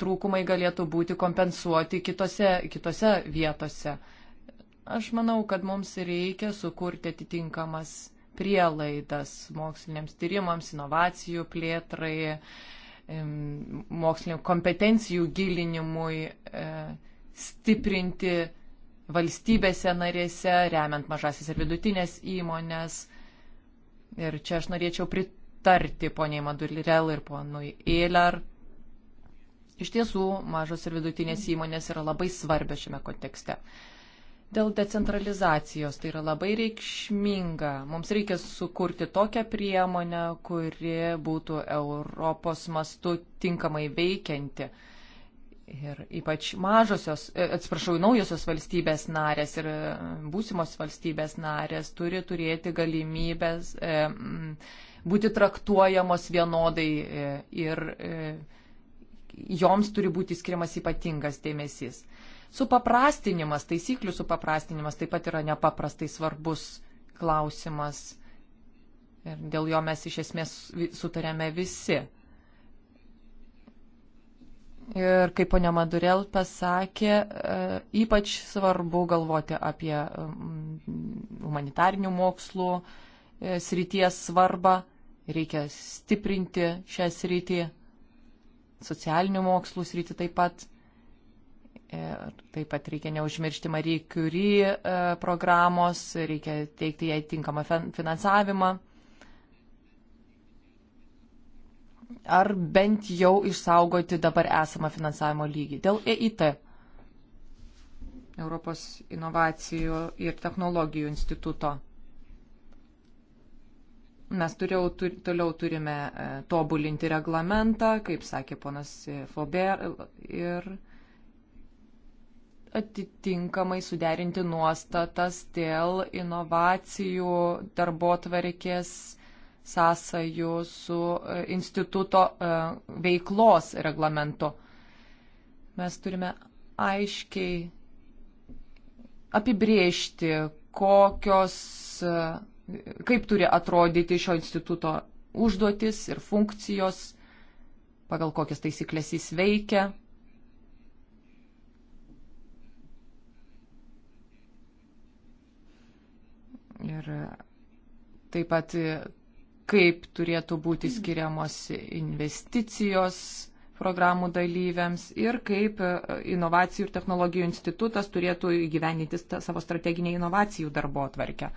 trūkumai galėtų būti kompensuoti kitose, kitose vietose. Aš manau, kad mums reikia sukurti atitinkamas prielaidas moksliniams tyrimams, inovacijų plėtrai, mokslinio kompetencijų gilinimui, e, stiprinti valstybėse narėse, remiant mažasis ir vidutinės įmonės. Ir čia aš norėčiau pritarti poniai Madurlirel ir ponui Eiler Iš tiesų, mažos ir vidutinės įmonės yra labai svarbios šiame kontekste. Dėl decentralizacijos tai yra labai reikšminga. Mums reikia sukurti tokią priemonę, kuri būtų Europos mastu tinkamai veikianti. Ir ypač mažosios, e, atsiprašau, naujosios valstybės narės ir e, būsimos valstybės narės turi turėti galimybės e, būti traktuojamos vienodai ir. E, joms turi būti skiriamas ypatingas dėmesys. Supaprastinimas, taisyklių supaprastinimas taip pat yra nepaprastai svarbus klausimas ir dėl jo mes iš esmės sutarėme visi. Ir kaip ponia Madurel pasakė, e, ypač svarbu galvoti apie mm, humanitarinių mokslų e, srities svarbą, reikia stiprinti šią sritį socialinių mokslų sritį taip pat. Ir taip pat reikia neužmiršti Marie Curie e, programos, reikia teikti jai tinkamą finansavimą. Ar bent jau išsaugoti dabar esamą finansavimo lygį. Dėl EIT, Europos inovacijų ir technologijų instituto Mes turiau, tur, toliau turime e, tobulinti reglamentą, kaip sakė ponas Fober, ir atitinkamai suderinti nuostatas dėl inovacijų darbo tvarkės sąsajų su e, instituto e, veiklos reglamento. Mes turime aiškiai apibriežti, kokios kaip turi atrodyti šio instituto užduotis ir funkcijos, pagal kokias taisyklės jis veikia. Ir taip pat kaip turėtų būti skiriamos investicijos programų dalyviams ir kaip inovacijų ir technologijų institutas turėtų įgyveninti savo strateginę inovacijų darbo atvarkę.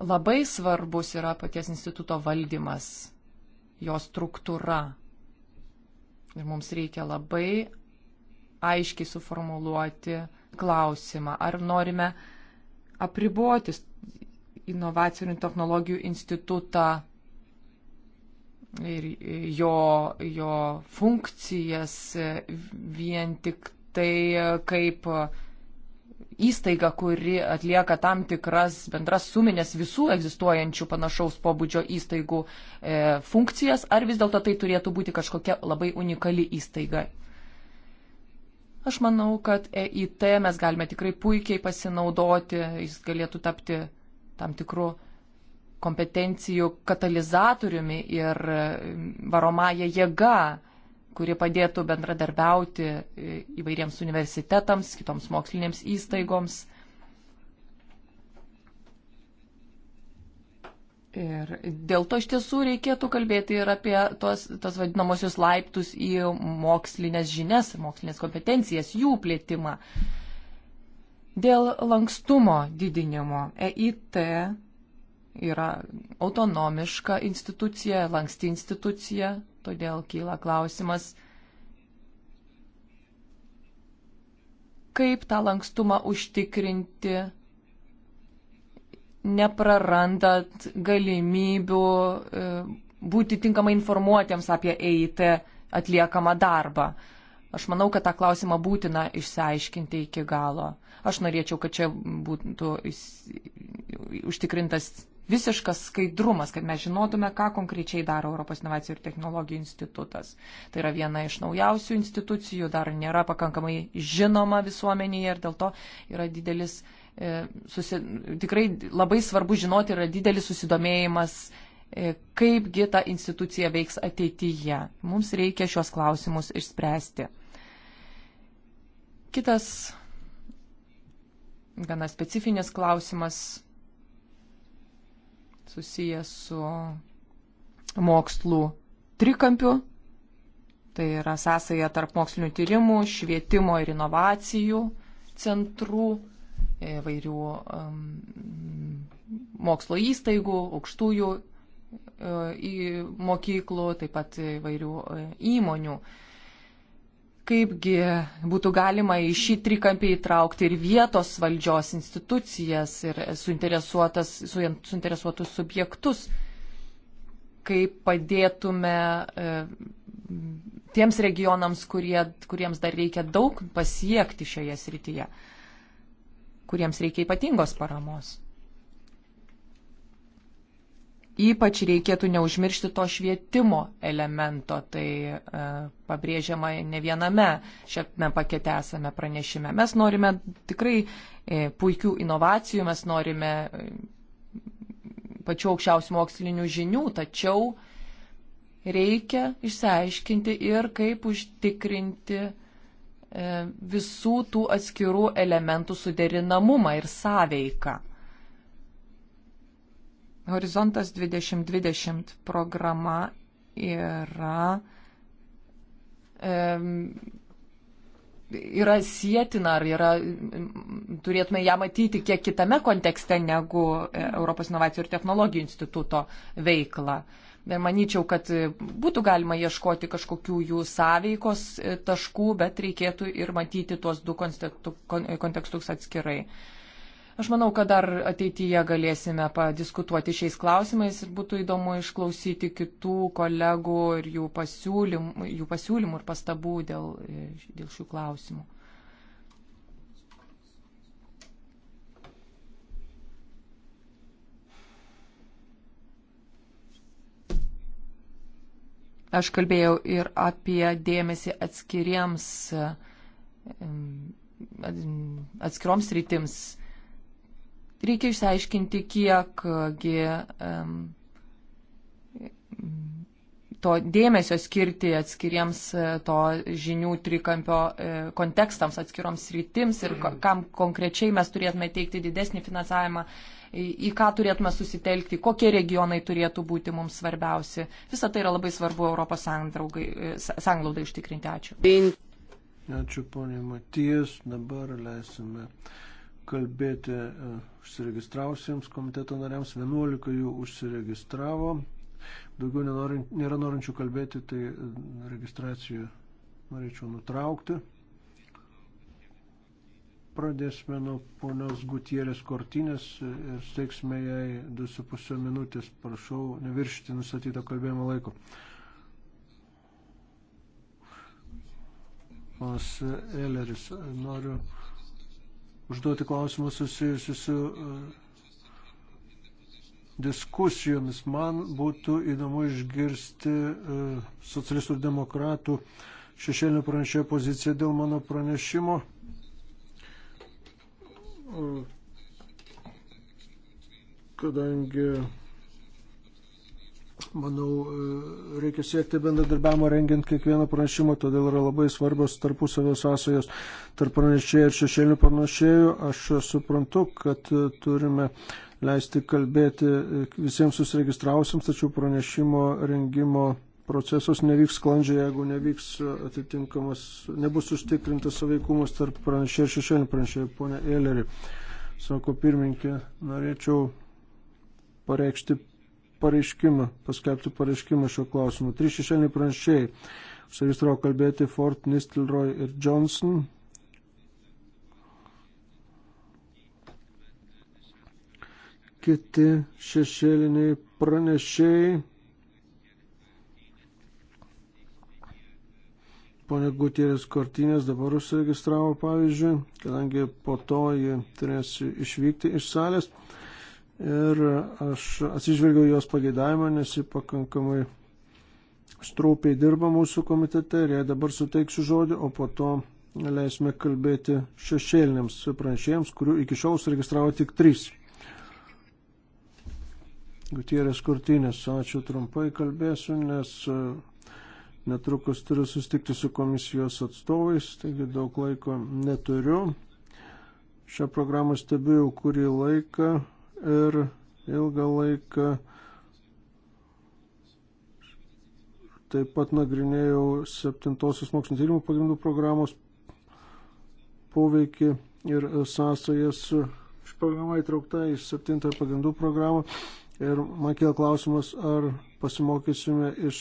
Labai svarbus yra paties instituto valdymas, jo struktūra. Ir mums reikia labai aiškiai suformuluoti klausimą, ar norime apriboti inovacijų ir technologijų institutą ir jo, jo funkcijas vien tik tai kaip įstaiga, kuri atlieka tam tikras bendras suminės visų egzistuojančių panašaus pobūdžio įstaigų e, funkcijas, ar vis dėlto tai turėtų būti kažkokia labai unikali įstaiga. Aš manau, kad EIT mes galime tikrai puikiai pasinaudoti, jis galėtų tapti tam tikru kompetencijų katalizatoriumi ir e, varomąją jėgą kuri padėtų bendradarbiauti e, įvairiems universitetams, kitoms mokslinėms įstaigoms. Ir dėl to iš tiesų reikėtų kalbėti ir apie tos, tos vadinamosius laiptus į mokslinės žinias, mokslinės kompetencijas, jų plėtimą. Dėl lankstumo didinimo EIT yra autonomiška institucija, lanksti institucija, Todėl kyla klausimas, kaip tą lankstumą užtikrinti, neprarandant galimybių e, būti tinkamai informuotiems apie EIT atliekamą darbą. Aš manau, kad tą klausimą būtina išsiaiškinti iki galo. Aš norėčiau, kad čia būtų užtikrintas visiškas skaidrumas, kad mes žinotume, ką konkrečiai daro Europos inovacijų ir technologijų institutas. Tai yra viena iš naujausių institucijų, dar nėra pakankamai žinoma visuomenėje ir dėl to yra didelis, e, susi, tikrai labai svarbu žinoti, yra didelis susidomėjimas e, kaipgi ta institucija veiks ateityje. Mums reikia šios klausimus išspręsti. Kitas gana specifinis klausimas susijęs su mokslų trikampiu. Tai yra sąsaja tarp mokslinių tyrimų, švietimo ir inovacijų centrų, įvairių um, mokslo įstaigų, aukštųjų e, mokyklų, taip pat įvairių e, įmonių. Uh, kaipgi būtų galima į šį trikampį įtraukti ir vietos valdžios institucijas ir suinteresuotas, su, suinteresuotus subjektus, kaip padėtume e, tiems regionams, kurie, kuriems dar reikia daug pasiekti šioje srityje, kuriems reikia ypatingos paramos. Ypač reikėtų neužmiršti to švietimo elemento, tai e, pabrėžiama ne viename šiame pakete esame pranešime. Mes norime tikrai e, puikių inovacijų, mes norime e, pačių aukščiausių mokslinių žinių, tačiau reikia išsiaiškinti ir kaip užtikrinti e, visų tų atskirų elementų suderinamumą ir sąveiką. Horizontas 2020 programa yra, yra sėtina ar yra, turėtume ją matyti kiek kitame kontekste negu e, Europos inovacijų ir technologijų instituto veikla. Ir manyčiau, kad būtų galima ieškoti kažkokių jų sąveikos e, taškų, bet reikėtų ir matyti tuos du kontekstus atskirai. Aš manau, kad dar ateityje galėsime padiskutuoti šiais klausimais ir būtų įdomu išklausyti kitų kolegų ir jų pasiūlymų, jų pasiūlymų ir pastabų dėl, dėl šių klausimų. aš kalbėjau ir apie dėmesį atskiriems, atskiroms rytims Reikia išsiaiškinti, kiekgi uh, um, to dėmesio skirti atskiriems uh, to žinių trikampio e, kontekstams, atskiroms rytims ir kam konkrečiai mes turėtume teikti didesnį finansavimą, į ką turėtume susitelkti, kokie regionai turėtų būti mums svarbiausi. Visą tai yra labai svarbu Europos e, sanglaudai užtikrinti. Ačiū. Ačiū, ponė Matijas. Dabar leisime kalbėti e, užsiregistrausiems komiteto nariams, 11 jų užsiregistravo. Daugiau nenorin, nėra norinčių kalbėti, tai e, registraciją norėčiau nutraukti. Pradėsime nuo ponios Gutierės Kortinės ir steiksime jai 2,5 minutės. Prašau neviršyti nustatyto kalbėjimo laiko. Ponas Eleris, noriu užduoti klausimus susijusius su e, diskusijomis. Man būtų įdomu išgirsti e, socialistų ir demokratų šešėlinio pranešėjo poziciją dėl mano pranešimo. E, kadangi Manau, e, reikia siekti bendradarbiavimo rengiant kiekvieną pranešimą, todėl yra labai svarbios tarpusavio sąsajos tarp pranešėjų ir šešėlių pranešėjų. Aš suprantu, kad e, turime leisti kalbėti e, visiems susiregistrausiams, tačiau pranešimo rengimo procesas nevyks sklandžiai, jeigu nevyks atitinkamas, nebus užtikrintas saveikumas tarp pranešėjų ir šešėlių pranešėjų. Pone Eleri, sako pirmininkė, norėčiau pareikšti pareiškimą, paskelbti pareiškimą šio klausimu. Trys šešėliniai pranešėjai. Užsiregistravo kalbėti Ford, Nistelroy ir Johnson. Kiti šešėliniai pranešėjai. Pone Gutierės Kortinės dabar užsiregistravo, pavyzdžiui, kadangi po to ji turės išvykti iš salės ir aš atsižvelgiau jos pageidavimą, nes ji pakankamai straupiai dirba mūsų komitete ir jai dabar suteiksiu žodį, o po to leisime kalbėti šešėliniams pranešėjams, kurių iki šiol suregistravo tik trys. Gutierės Kurtinės, ačiū trumpai kalbėsiu, nes e, netrukus turiu sustikti su komisijos atstovais, taigi daug laiko neturiu. Šią programą stebiu jau kurį laiką, ir ilgą laiką taip pat nagrinėjau septintosios mokslinio tyrimų pagrindų programos poveikį ir sąsajas su ši programa įtraukta į septintąją pagrindų programą. Ir man kėl klausimas, ar pasimokysime iš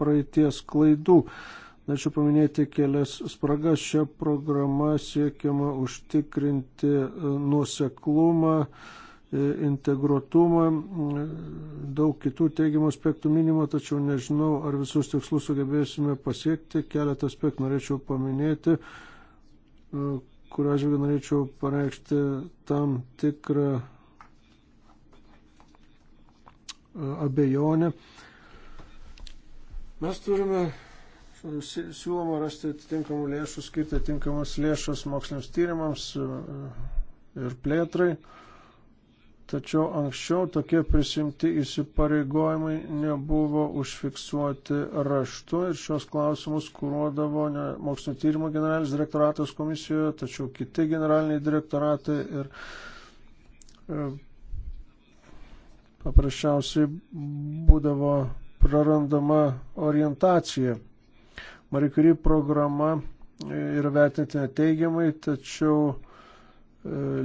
praeities klaidų. Norėčiau paminėti kelias spragas. Šią programą siekiama užtikrinti nuoseklumą, integruotumą, daug kitų teigiamų aspektų minimo, tačiau nežinau, ar visus tikslus sugebėsime pasiekti. Keletą aspektų norėčiau paminėti, kurio aš norėčiau pareikšti tam tikrą e, abejonę. Mes turime siūloma rasti atitinkamų lėšų, skirti atitinkamas lėšas moksliniams tyrimams e, e, ir plėtrai. Tačiau anksčiau tokie prisimti įsipareigojimai nebuvo užfiksuoti raštu ir šios klausimus kūruodavo ne mokslo tyrimo generalinis direktoratas komisijoje, tačiau kiti generaliniai direktoratai ir e, paprasčiausiai būdavo prarandama orientacija. Marikuri programa e, yra vertinti neteigiamai, tačiau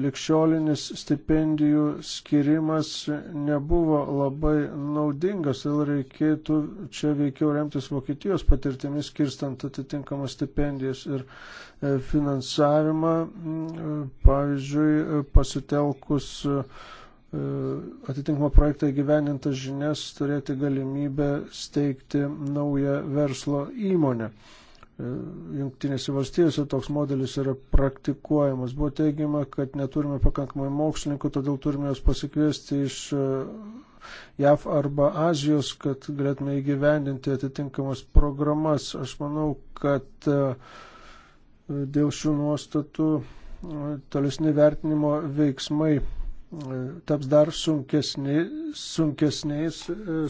likščiolinis stipendijų skirimas nebuvo labai naudingas, todėl reikėtų čia veikiau remtis Vokietijos patirtimis, kirstant atitinkamas stipendijas ir e, finansavimą, pavyzdžiui, pasitelkus e, atitinkamą projektą įgyvenintas žinias turėti galimybę steigti naują verslo įmonę. Junktinėse valstijose toks modelis yra praktikuojamas. Buvo teigiama, kad neturime pakankamai mokslininkų, todėl turime juos pasikviesti iš e, JAV arba Azijos, kad galėtume įgyvendinti atitinkamas programas. Aš manau, kad e, dėl šių nuostatų e, tolesni vertinimo veiksmai taps dar sunkesni, sunkesniais,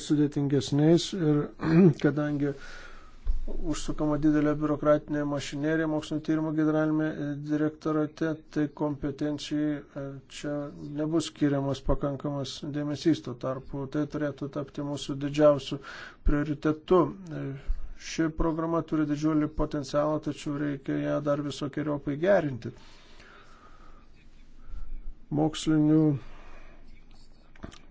sudėtingesniais ir kadangi užsukama didelė biurokratinė mašinerija mokslinio tyrimo generalinėme direktorate, tai kompetencijai e, čia nebus skiriamas pakankamas dėmesys, tuo tarpu tai turėtų tapti mūsų didžiausių prioritetų. E, ši programa turi didžiulį potencialą, tačiau reikia ją dar visokiojopai gerinti. Mokslinių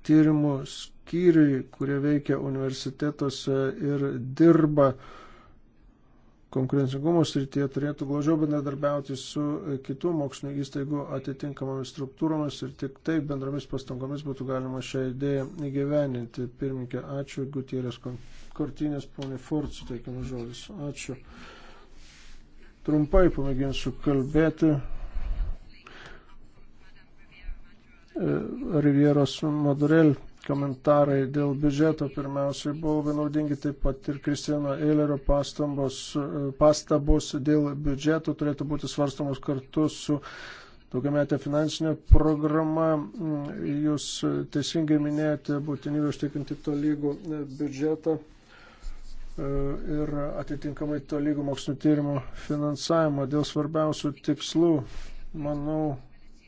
tyrimų skyriai, kurie veikia universitetuose ir dirba, konkurencingumo srityje turėtų glaudžiau bendradarbiauti su kitų mokslinio įstaigų atitinkamomis struktūromis ir tik taip bendromis pastangomis būtų galima šią idėją įgyveninti. Pirminkė, ačiū, Gutierės Kortinės, ponė Ford, suteikiamas žodis. Ačiū. Trumpai pamėginsiu kalbėti. E, Rivieros Madurel komentarai dėl biudžeto pirmiausiai buvo vienaudingi, taip pat ir Kristijano Eilerio pastambos, pastabos dėl biudžeto turėtų būti svarstamos kartu su daugiametė finansinė programa. Jūs teisingai minėjote būtinybę užtikrinti to lygų biudžetą e, ir atitinkamai to lygų mokslinio tyrimo finansavimą dėl svarbiausių tikslų. Manau,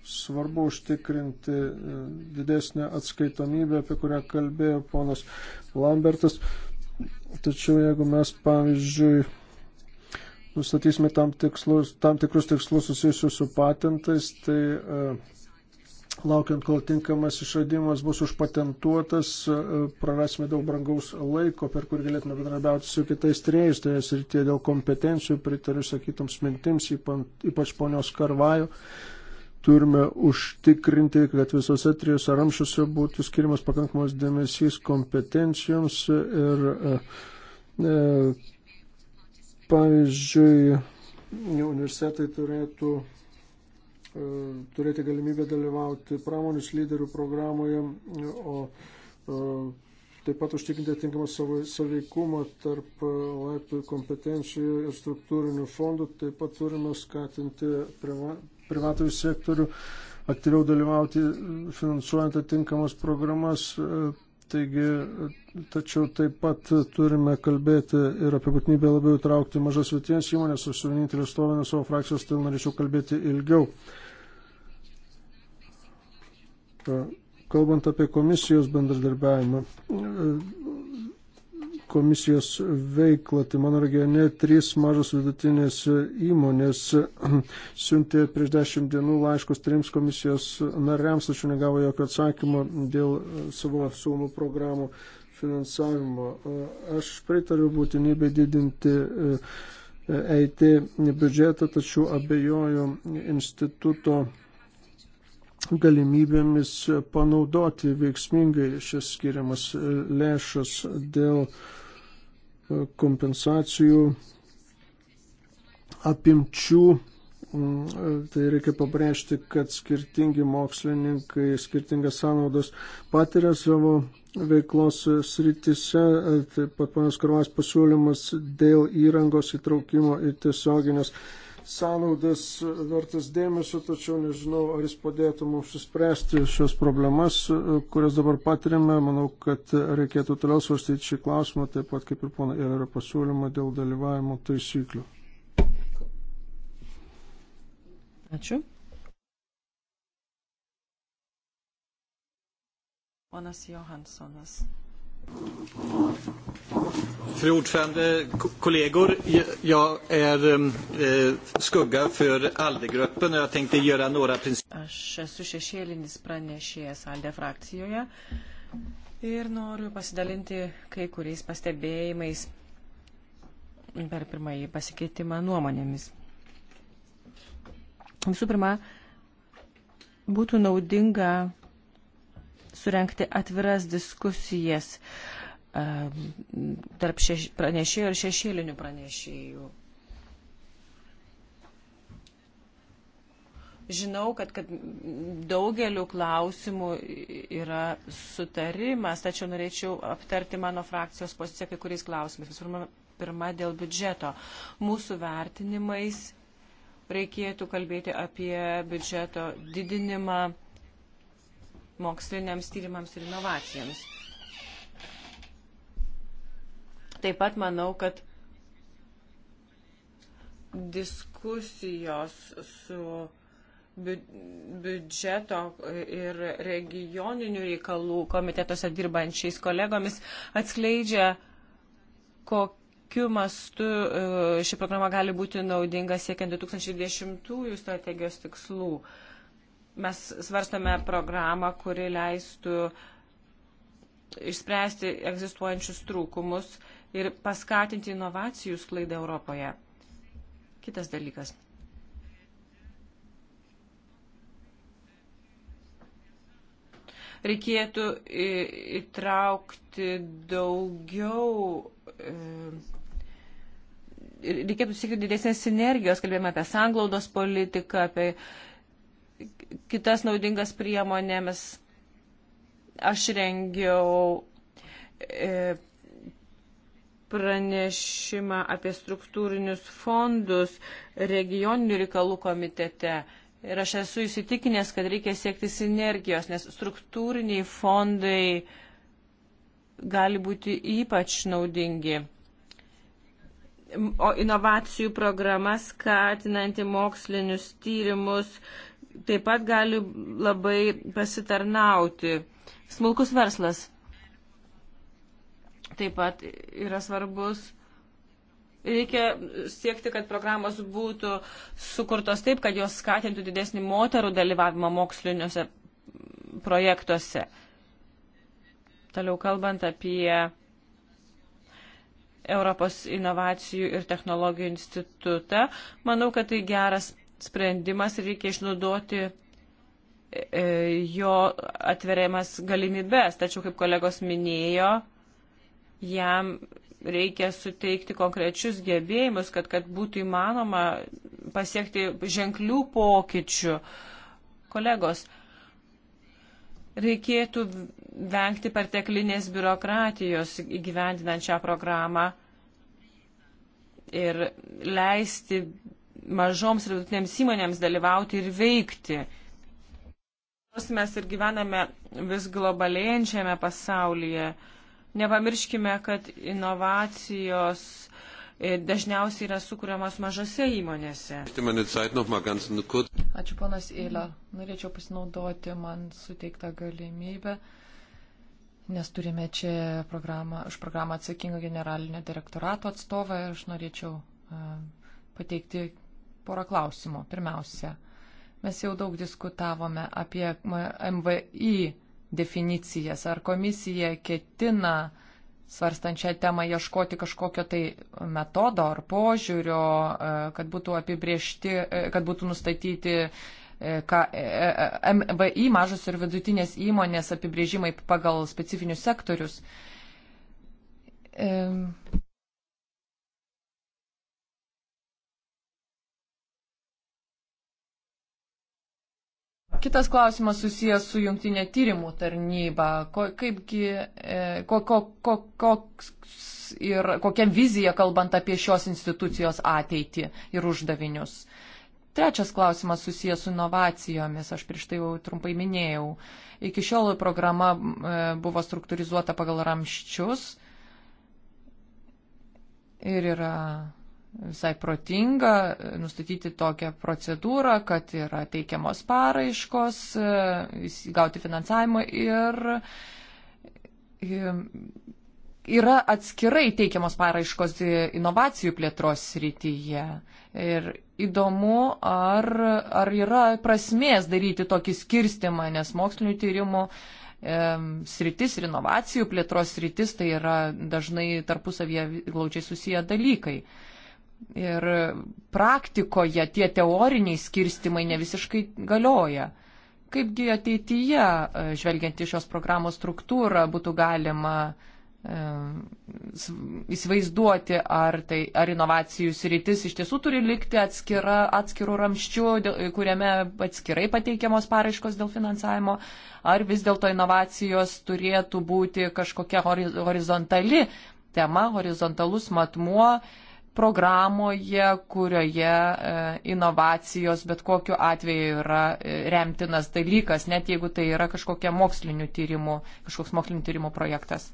svarbu užtikrinti e, didesnę atskaitomybę, apie kurią kalbėjo ponas Lambertas. Tačiau jeigu mes, pavyzdžiui, nustatysime tam, tikslus, tam tikrus tikslus susijusius su patentais, tai e, laukiant, kol tinkamas išradimas bus užpatentuotas, e, prarasime daug brangaus laiko, per kur galėtume bendrabiauti su kitais trėjais, tai esu ir tie dėl kompetencijų, pritariu sakytoms mintims, ypač ponios Karvajo turime užtikrinti, kad visose trijose ramšiuose būtų skirimas pakankamas dėmesys kompetencijoms ir e, e, pavyzdžiui universitetai turėtų e, turėti galimybę dalyvauti pramonės lyderių programoje, o taip pat užtikrinti atitinkamą saveikumą tarp laiptų kompetencijų ir struktūrinių fondų, taip pat turime skatinti priva privatų sektorių aktyviau dalyvauti finansuojant atinkamas programas. Taigi, tačiau taip pat turime kalbėti ir apie būtinybę labiau įtraukti mažas vietinės įmonės. Aš vienintelis stovinu savo frakcijos, tai norėčiau kalbėti ilgiau. Kalbant apie komisijos bendradarbiavimą, komisijos veiklą. Tai mano regione trys mažos vidutinės įmonės siuntė prieš dešimt dienų laiškus trims komisijos nariams, tačiau negavo jokio atsakymo dėl savo siūlomų programų finansavimo. Aš pritariu būtinybę didinti EIT e, e biudžetą, tačiau abejoju instituto galimybėmis panaudoti veiksmingai šias skiriamas lėšas dėl e, kompensacijų apimčių. Mm, e, tai reikia pabrėžti, kad skirtingi mokslininkai skirtingas sąnaudas patiria savo veiklos sritise. E, taip pat panas Karvas pasiūlymas dėl įrangos įtraukimo į tiesioginės sąnaudas vertas dėmesio, tačiau nežinau, ar jis padėtų mums suspręsti šios problemas, kurias dabar patiriame. Manau, kad reikėtų toliau svarstyti šį klausimą, taip pat kaip ir pana yra pasiūlyma dėl dalyvavimo taisyklių. Ačiū. Ponas Johansonas. Fru ordförande, kollegor. Jag är um, eh, skugga för ALDE-gruppen och jag tänkte göra några principer. Aš esu šešėlinis pranešėjas ALDE frakcijoje ir noriu pasidalinti kai kuriais pastebėjimais per pirmąjį pasikeitimą nuomonėmis. Visų pirma, būtų naudinga surenkti atviras diskusijas um, tarp šeš, pranešėjų ir šešėlinių pranešėjų. Žinau, kad, kad daugeliu klausimų yra sutarimas, tačiau norėčiau aptarti mano frakcijos poziciją kai kuriais klausimais. Visų pirma, pirma, dėl biudžeto. Mūsų vertinimais reikėtų kalbėti apie biudžeto didinimą moksliniams tyrimams ir inovacijams. Taip pat manau, kad diskusijos su biudžeto ir regioninių reikalų komitetuose dirbančiais kolegomis atskleidžia, kokiu mastu e, ši programa gali būti naudinga siekiant 2010 strategijos tikslų. Mes svarstame programą, kuri leistų išspręsti egzistuojančius trūkumus ir paskatinti inovacijų sklaidą Europoje. Kitas dalykas. Reikėtų įtraukti daugiau, e, reikėtų siekti didesnės sinergijos, kalbėjome apie sanglaudos politiką, apie kitas naudingas priemonėmis. Aš rengiau e, pranešimą apie struktūrinius fondus regioninių reikalų komitete. Ir aš esu įsitikinęs, kad reikia siekti sinergijos, nes struktūriniai fondai gali būti ypač naudingi. O inovacijų programa skatinanti mokslinius tyrimus, taip pat gali labai pasitarnauti. Smulkus verslas taip pat yra svarbus. Reikia siekti, kad programos būtų sukurtos taip, kad jos skatintų didesnį moterų dalyvavimą moksliniuose projektuose. Toliau kalbant apie Europos inovacijų ir technologijų institutą, manau, kad tai geras sprendimas ir reikia išnaudoti e, e, jo atveriamas galimybės. Tačiau, kaip kolegos minėjo, jam reikia suteikti konkrečius gebėjimus, kad, kad būtų įmanoma pasiekti ženklių pokyčių. Kolegos, reikėtų vengti perteklinės biurokratijos įgyvendinant šią programą ir leisti mažoms ir vidutinėms įmonėms dalyvauti ir veikti. Nors mes ir gyvename vis globalėjančiame pasaulyje, nepamirškime, kad inovacijos e, dažniausiai yra sukūriamas mažose įmonėse. Ačiū ponas Eilė. Norėčiau pasinaudoti man suteiktą galimybę, nes turime čia programą, už programą atsakingą generalinio direktorato atstovą ir aš norėčiau e, pateikti Porą klausimų. Pirmiausia, mes jau daug diskutavome apie MVI definicijas. Ar komisija ketina svarstant šią temą ieškoti kažkokio tai metodo ar požiūrio, e, kad būtų apibriešti, e, kad būtų nustatyti e, ką, MVI mažos ir vidutinės įmonės apibrėžimai pagal specifinius sektorius. Kitas klausimas susijęs su jungtinė tyrimų tarnyba. Ko, kaipgi, e, ko, ko, ko, koks ir kokia vizija kalbant apie šios institucijos ateitį ir uždavinius. Trečias klausimas susijęs su inovacijomis, aš prieš tai jau trumpai minėjau. Iki šiol programa e, buvo struktūrizuota pagal ramščius ir yra visai protinga nustatyti tokią procedūrą, kad yra teikiamos paraiškos, e, gauti finansavimą ir e, yra atskirai teikiamos paraiškos e, inovacijų plėtros srityje. Ir įdomu, ar, ar yra prasmės daryti tokį skirstimą, nes mokslinių tyrimų e, sritis ir inovacijų plėtros sritis tai yra dažnai tarpusavie glaučiai susiję dalykai. E, Ir praktikoje tie teoriniai skirstimai ne visiškai galioja. Kaipgi ateityje, e, žvelgiant į šios programos struktūrą, būtų galima e, įsivaizduoti, ar, tai, ar inovacijų sritis iš tiesų turi likti atskira, atskirų ramščių, dėl, kuriame atskirai pateikiamos paraiškos dėl finansavimo, ar vis dėlto inovacijos turėtų būti kažkokia horizontali tema, horizontalus matmuo, uh, programoje, kurioje e, inovacijos bet kokiu atveju yra e, remtinas dalykas, net jeigu tai yra kažkokia mokslinių tyrimų, kažkoks mokslinių tyrimų projektas.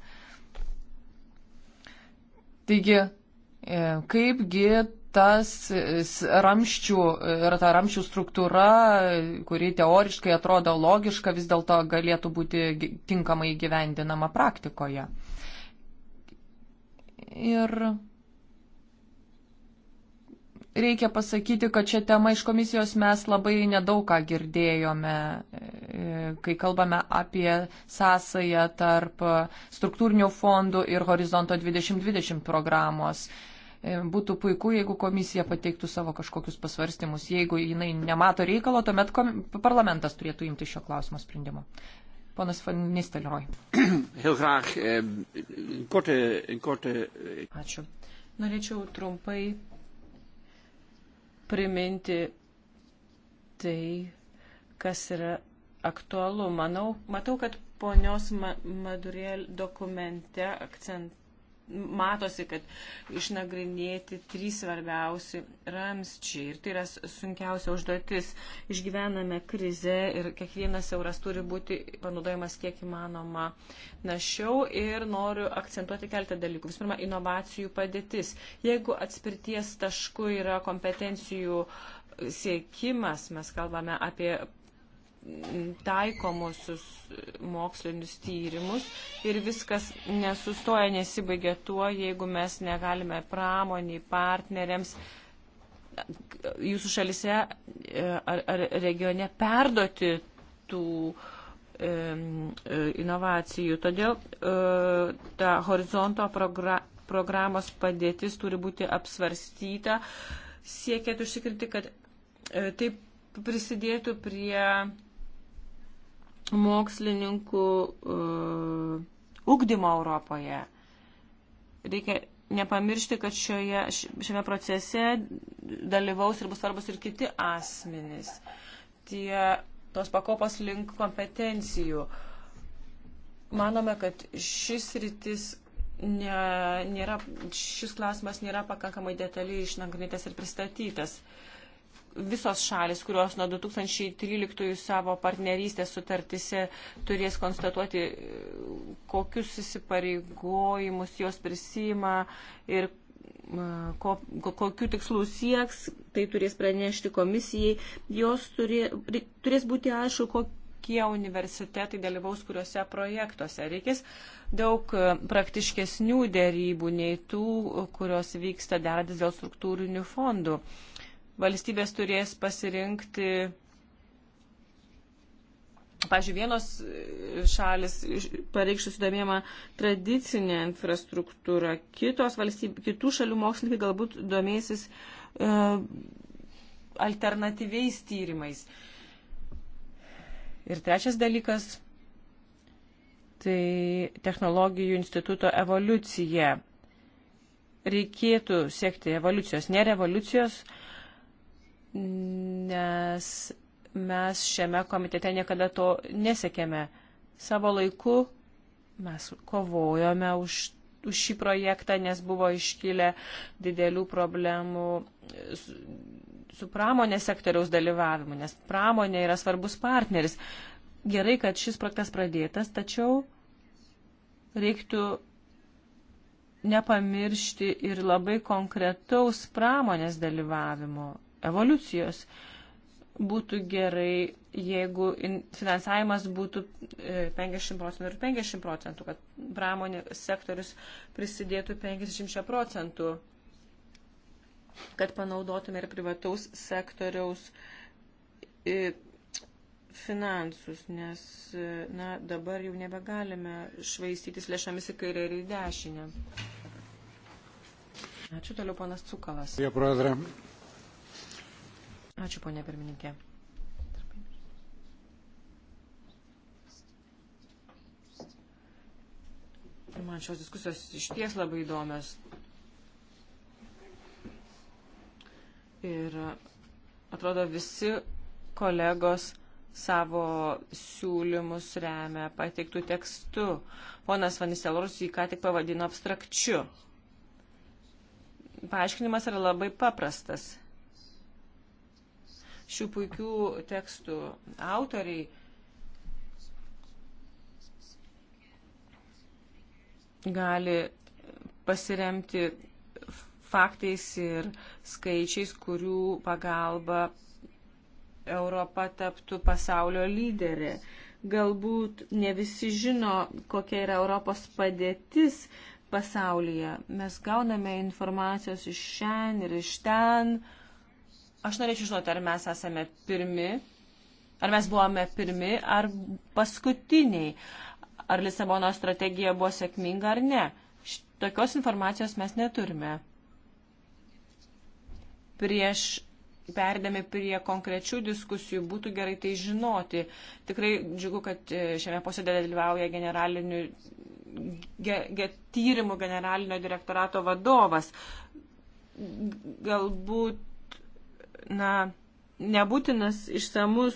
Taigi, e, kaipgi tas ramščių, yra ta ramščių struktūra, kuri teoriškai atrodo logiška, vis dėlto galėtų būti tinkamai gyvendinama praktikoje. Ir reikia pasakyti, kad šią temą iš komisijos mes labai nedaug ką girdėjome, e, kai kalbame apie sąsają tarp struktūrinių fondų ir Horizonto 2020 programos. E, būtų puiku, jeigu komisija pateiktų savo kažkokius pasvarstymus. Jeigu jinai nemato reikalo, tuomet parlamentas turėtų imti šio klausimo sprendimo. Ponas Nistelroj. Ehm, Ačiū. Norėčiau trumpai priminti tai, kas yra aktualu. Manau, matau, kad ponios Madurėl dokumente akcent, matosi, kad išnagrinėti trys svarbiausi ramščiai. Ir tai yra sunkiausia užduotis. Išgyvename krizę ir kiekvienas euras turi būti panaudojamas kiek įmanoma našiau. Ir noriu akcentuoti keletą dalykų. Visų pirma, inovacijų padėtis. Jeigu atspirties tašku yra kompetencijų siekimas, mes kalbame apie taikomusius mokslinius tyrimus ir viskas nesustoja, nesibaigia tuo, jeigu mes negalime pramoniai partneriams jūsų šalise e, ar, ar regione perduoti tų e, e, inovacijų. Todėl e, ta horizonto progra programos padėtis turi būti apsvarstyta, siekėt užsikrinti, kad e, taip prisidėtų prie mokslininkų uh, ugdymo Europoje. Reikia nepamiršti, kad šioje, šiame procese dalyvaus ir bus svarbus ir kiti asmenys. Tie tos pakopos link kompetencijų. Manome, kad šis rytis ne, nėra, šis klausimas nėra pakankamai detaliai išnagrinėtas ir pristatytas. Uh, visos šalis, kurios nuo 2013 savo partnerystės sutartise turės konstatuoti, kokius įsipareigojimus jos prisima ir ko, ko, kokiu tikslu sieks, tai turės pranešti komisijai. Jos turė, turės būti aišku, kokie universitetai dalyvaus kuriuose projektuose. Reikės daug praktiškesnių dėrybų nei tų, kurios vyksta deradis dėl struktūrinių fondų. Uh, valstybės turės pasirinkti, pažiūrėjau, vienos šalis pareikštų sudomėjimą tradicinę infrastruktūrą, kitos valstybės, kitų šalių mokslininkai galbūt domėsis e, alternatyviais tyrimais. Ir trečias dalykas - tai technologijų instituto evoliucija. Reikėtų siekti evoliucijos, ne revoliucijos, re nes mes šiame komitete niekada to nesekėme. Savo laiku mes kovojome už, už šį projektą, nes buvo iškilę didelių problemų su, su pramonės sektoriaus dalyvavimu, nes pramonė yra svarbus partneris. Gerai, kad šis projektas pradėtas, tačiau reiktų nepamiršti ir labai konkretaus pramonės dalyvavimo evoliucijos. Būtų gerai, jeigu finansavimas būtų 50 e, procentų ir 50 procentų, kad pramonė sektorius prisidėtų 50 procentų, kad panaudotume ir privataus sektoriaus e, finansus, nes e, na, dabar jau nebegalime švaistytis lėšomis į kairę ir į dešinę. Ačiū toliau, panas Cukalas. Jie, Ačiū, ponė pirmininkė. Ir man šios diskusijos išties labai įdomios. Ir atrodo visi kolegos savo siūlymus remia pateiktų tekstų. Ponas Vaniselorus jį ką tik pavadino abstrakčiu. Paaiškinimas yra labai paprastas šių puikių tekstų autoriai gali pasiremti faktais ir skaičiais, kurių pagalba Europa taptų pasaulio lyderė. Galbūt ne visi žino, kokia yra Europos padėtis pasaulyje. Mes gauname informacijos iš šiandien ir iš ten. Uh, Aš norėčiau žinoti, ar mes esame pirmi, ar mes buvome pirmi, ar paskutiniai, ar Lisabono strategija buvo sėkminga ar ne. Tokios informacijos mes neturime. Prieš perdami prie konkrečių diskusijų, būtų gerai tai žinoti. Tikrai džiugu, kad e, šiame posėdėje dalyvauja generalinių, ge, ge, tyrimų generalinio direktorato vadovas. Galbūt na, nebūtinas išsamus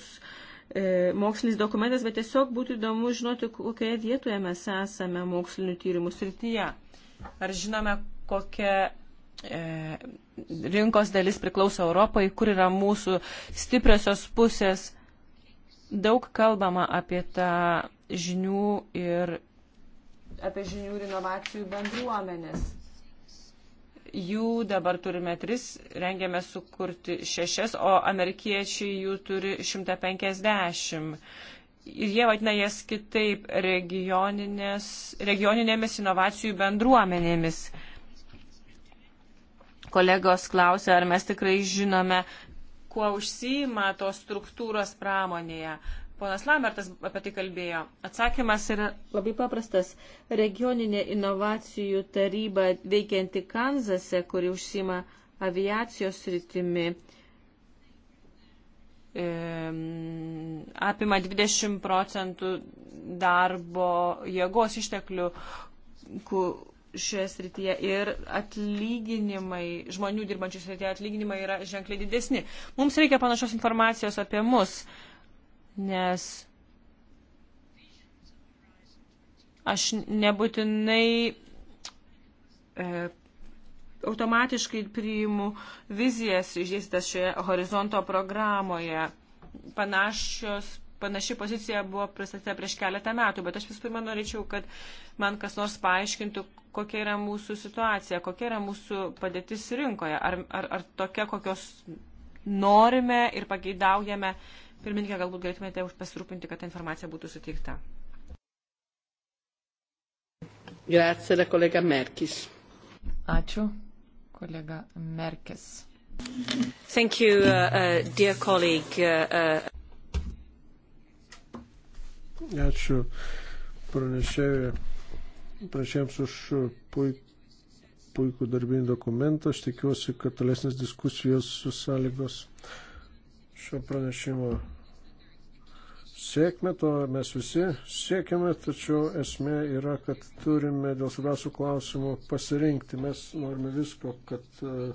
e, mokslinis dokumentas, bet tiesiog būtų įdomu žinoti, kokioje vietoje mes esame mokslinių tyrimų srityje. Ar žinome, kokia e, rinkos dalis priklauso Europai, kur yra mūsų stipriosios pusės. Daug kalbama apie tą žinių ir apie žinių ir inovacijų bendruomenės. Jų dabar turime tris, rengiame sukurti šešias, o amerikiečiai jų turi 150. Ir jie vadina jas kitaip regioninėmis inovacijų bendruomenėmis. Kolegos klausė, ar mes tikrai žinome, kuo užsima tos struktūros pramonėje. Ponas Lambertas apie tai kalbėjo. Atsakymas yra labai paprastas. Regioninė inovacijų taryba veikianti Kanzase, kuri užsima aviacijos rytimi, apima 20 procentų darbo jėgos išteklių šioje srityje ir atlyginimai, žmonių dirbančių srityje atlyginimai yra ženkliai didesni. Mums reikia panašios informacijos apie mus. Uh, nes aš nebūtinai e, automatiškai priimu vizijas išdėstytas šioje horizonto programoje. Panašios panaši pozicija buvo pristatyta prieš keletą metų, bet aš vis pirma norėčiau, kad man kas nors paaiškintų, kokia yra mūsų situacija, kokia yra mūsų padėtis rinkoje, ar, ar, ar tokia, kokios norime ir pageidaujame Pirmininkė, galbūt galėtumėte pasirūpinti, kad ta informacija būtų suteikta. Grazie, la kolega Merkis. Ačiū, kolega Merkis. Thank you, uh, uh, dear colleague. Uh, uh. Ačiū pranešėjams už puikų puikų darbinį dokumentą. Aš tikiuosi, kad tolesnės diskusijos sąlygos uh, šio pranešimo sėkmę, to mes visi siekiame, tačiau esmė yra, kad turime dėl svarbiausių klausimų pasirinkti. Mes norime visko, kad e,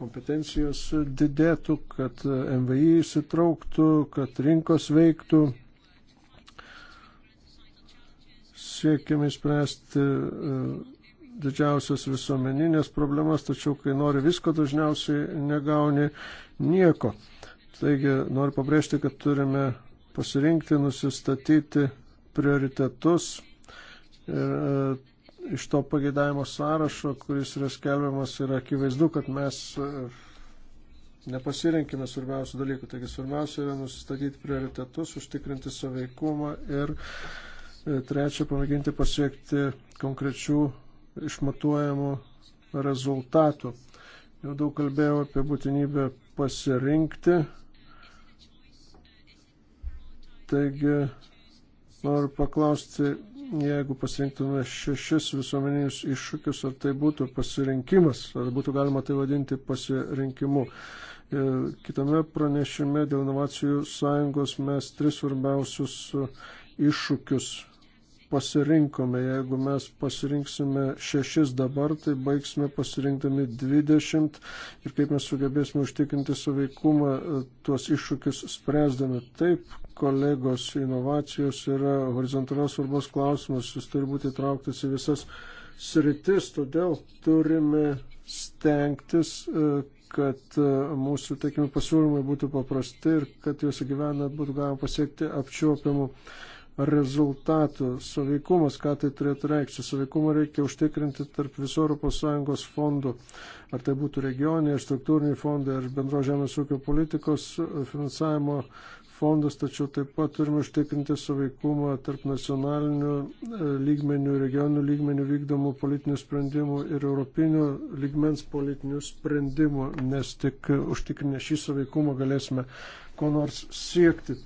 kompetencijos didėtų, kad MVI įsitrauktų, kad rinkos veiktų. Siekime spręsti e, didžiausias visuomeninės problemas, tačiau kai nori visko, dažniausiai negauni nieko. Taigi noriu pabrėžti, kad turime pasirinkti, nusistatyti prioritetus ir e, iš to pagėdavimo sąrašo, kuris yra skelbiamas, yra akivaizdu, kad mes e, nepasirinkime svarbiausių dalykų. Taigi svarbiausia yra nusistatyti prioritetus, užtikrinti saveikumą ir e, trečia, pamėginti pasiekti konkrečių išmatuojamų rezultatų. Jau daug kalbėjau apie būtinybę pasirinkti Taigi noriu paklausti, jeigu pasirinktume šešis visuomeninius iššūkius, ar tai būtų pasirinkimas, ar būtų galima tai vadinti pasirinkimu. Kitame pranešime dėl inovacijų sąjungos mes tris svarbiausius iššūkius pasirinkome. Jeigu mes pasirinksime šešis dabar, tai baigsime pasirinkdami dvidešimt ir kaip mes sugebėsime užtikrinti saveikumą, e, tuos iššūkius spręsdami. Taip, kolegos, inovacijos yra horizontalios svarbos klausimas, jis turi būti įtrauktas į visas sritis, todėl turime stengtis, e, kad e, mūsų teikimi pasiūlymai būtų paprasti ir kad juos gyvenant būtų galima pasiekti apčiuopiamų rezultatų. Saveikumas, ką tai turėtų reikšti? Saveikumą reikia užtikrinti tarp visų ES fondų, ar tai būtų regioniai, struktūriniai fondai, ar bendro žemės ūkio politikos finansavimo fondas, tačiau taip pat turime užtikrinti saveikumą tarp nacionalinių e, lygmenių, regioninių lygmenių vykdomų politinių sprendimų ir europinių lygmens politinių sprendimų, nes tik užtikrinę šį saveikumą galėsime ko nors siekti.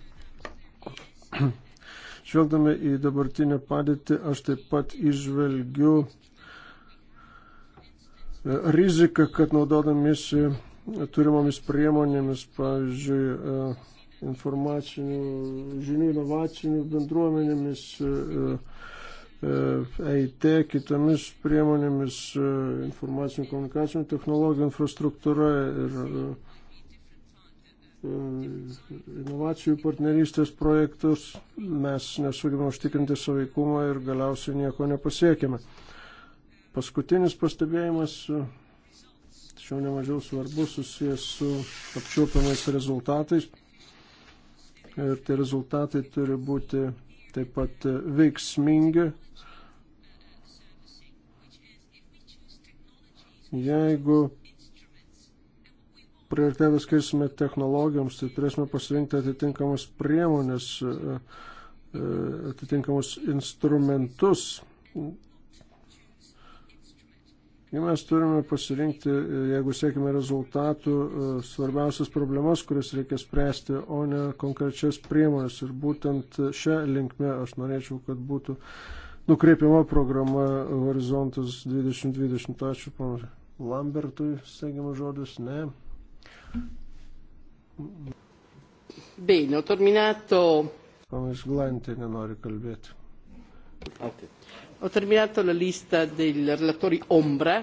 Žvelgdami į dabartinę padėtį, aš taip pat išvelgiu e, riziką, kad naudodamėsi turimomis priemonėmis, pavyzdžiui, e, informacinių žinių inovacinių bendruomenėmis, EIT, e, kitomis priemonėmis, informacinių komunikacinių technologijų infrastruktūra ir E, inovacijų partnerystės projektus, mes nesugebame užtikrinti saveikumą ir galiausiai nieko nepasiekime. Paskutinis pastebėjimas, e, tačiau nemažiau svarbus, susijęs su apčiuopiamais rezultatais. Ir tie rezultatai turi būti taip pat veiksmingi. Jeigu prioritetą skirsime technologijoms, tai turėsime pasirinkti atitinkamas priemonės, e, e, atitinkamus instrumentus. Ir mes turime pasirinkti, e, jeigu siekime rezultatų, svarbiausias problemas, kurias reikia spręsti, o ne konkrečias priemonės. Ir būtent šią linkmę aš norėčiau, kad būtų nukreipiama programa Horizontas 2020. Ačiū, panašiai. Lambertui steigiamas žodis, ne. Bene, ho terminato. Ponas Glantė nenori kalbėti. Okay. Ho terminato la lista dei relatori ombra.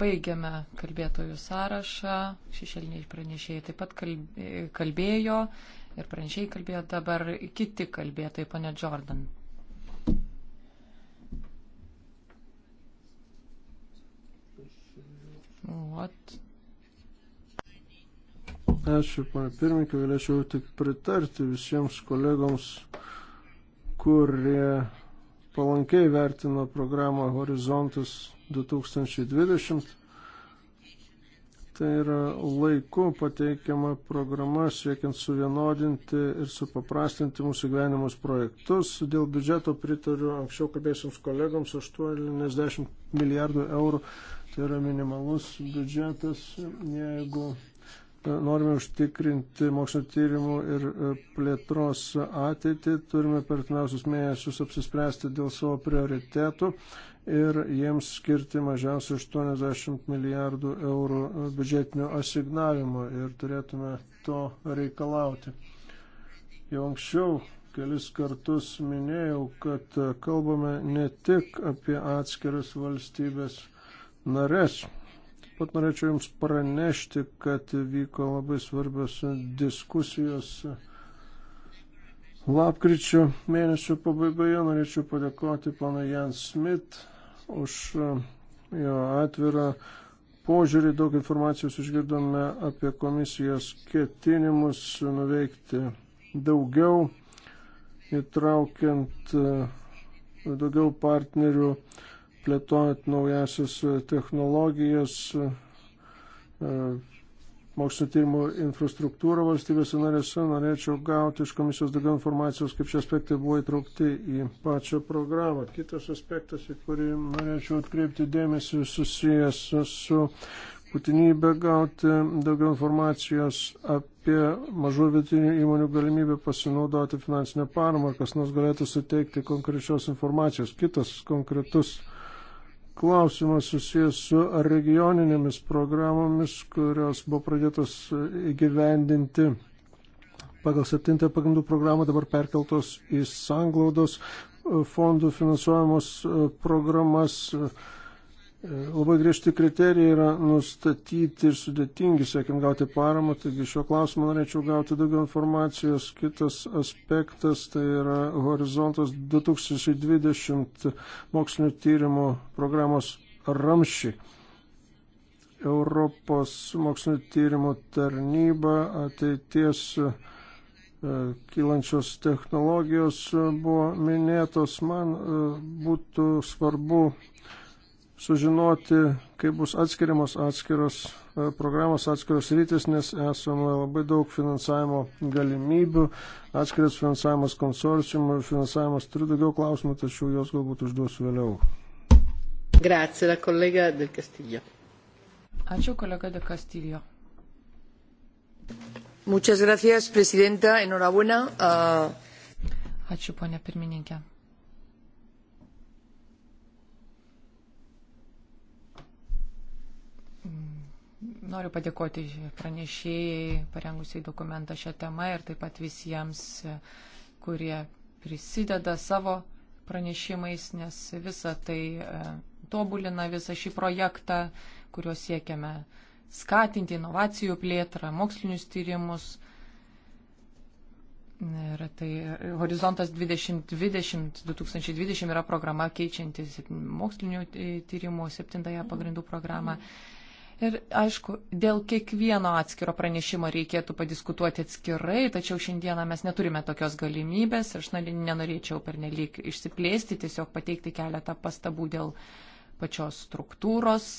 Baigiame kalbėtojų sąrašą. Šešėliniai pranešėjai taip pat kalbėjo ir pranešėjai kalbėjo dabar kiti kalbėtojai, ponė Jordan. O, Ačiū, pana pirmininkė, galėčiau tik pritarti visiems kolegoms, kurie palankiai vertino programą Horizontas 2020. Tai yra laiku pateikiama programa siekiant suvienodinti ir supaprastinti mūsų gyvenimus projektus. Dėl biudžeto pritariu anksčiau kalbėsiams kolegoms 80 milijardų eurų. Tai yra minimalus biudžetas, jeigu norime užtikrinti mokslo tyrimų ir e, plėtros ateitį, turime per artimiausius mėnesius apsispręsti dėl savo prioritetų ir jiems skirti mažiausiai 80 milijardų eurų e, biudžetinio asignavimo ir turėtume to reikalauti. Jau anksčiau kelis kartus minėjau, kad kalbame ne tik apie atskiras valstybės nares pat norėčiau Jums pranešti, kad vyko labai svarbios diskusijos lapkričio mėnesio pabaigoje. Norėčiau padėkoti pana Jan Smith už jo atvirą požiūrį. Daug informacijos išgirdome apie komisijos ketinimus nuveikti daugiau, įtraukiant daugiau partnerių plėtojant naujasias e, technologijas, e, e, mokslo tyrimų infrastruktūrą valstybėse narėse. Norėčiau gauti iš komisijos daugiau informacijos, kaip šie aspektai buvo įtraukti į pačią programą. Kitas aspektas, į kurį norėčiau atkreipti dėmesį, susijęs su būtinybė gauti daugiau informacijos apie mažų vidutinių įmonių galimybę pasinaudoti finansinę paramą, kas nors galėtų suteikti konkrečios informacijos. Kitas konkretus klausimas susijęs su regioninėmis programomis, kurios buvo pradėtos įgyvendinti pagal 7 pagrindų programą, dabar perkeltos į sanglaudos fondų finansuojamos programas. Labai griežti kriterijai yra nustatyti ir sudėtingi, siekiam gauti paramą, taigi šiuo klausimu norėčiau gauti daugiau informacijos. Kitas aspektas tai yra horizontas 2020 mokslinio tyrimo programos ramšį. Europos mokslinio tyrimo tarnyba ateities e, kylančios technologijos buvo minėtos. Man e, būtų svarbu sužinoti, kaip bus atskiriamos atskiros e, programos, atskiros rytis, nes esame labai daug finansavimo galimybių, atskiras finansavimas konsorciumų, finansavimas turi daugiau klausimų, tačiau juos galbūt užduosiu vėliau. Grazie, la collega del Castillo. Ačiū, kolega de Castillo. Muchas gracias, presidenta. Enhorabuena. Uh... Ačiū, ponia pirmininkė. Noriu padėkoti pranešėjai, parengusiai dokumentą šią temą ir taip pat visiems, kurie prisideda savo pranešimais, nes visa tai e, tobulina visą šį projektą, kuriuo siekiame skatinti inovacijų plėtrą, mokslinius tyrimus. Ir tai e, Horizontas 2020, 2020 yra programa keičianti mokslinių e, tyrimų septintąją pagrindų programą. Mhm. Ir aišku, dėl kiekvieno atskiro pranešimo reikėtų padiskutuoti atskirai, tačiau šiandieną mes neturime tokios galimybės. Aš nenorėčiau pernelyg išsiplėsti, tiesiog pateikti keletą pastabų dėl pačios struktūros,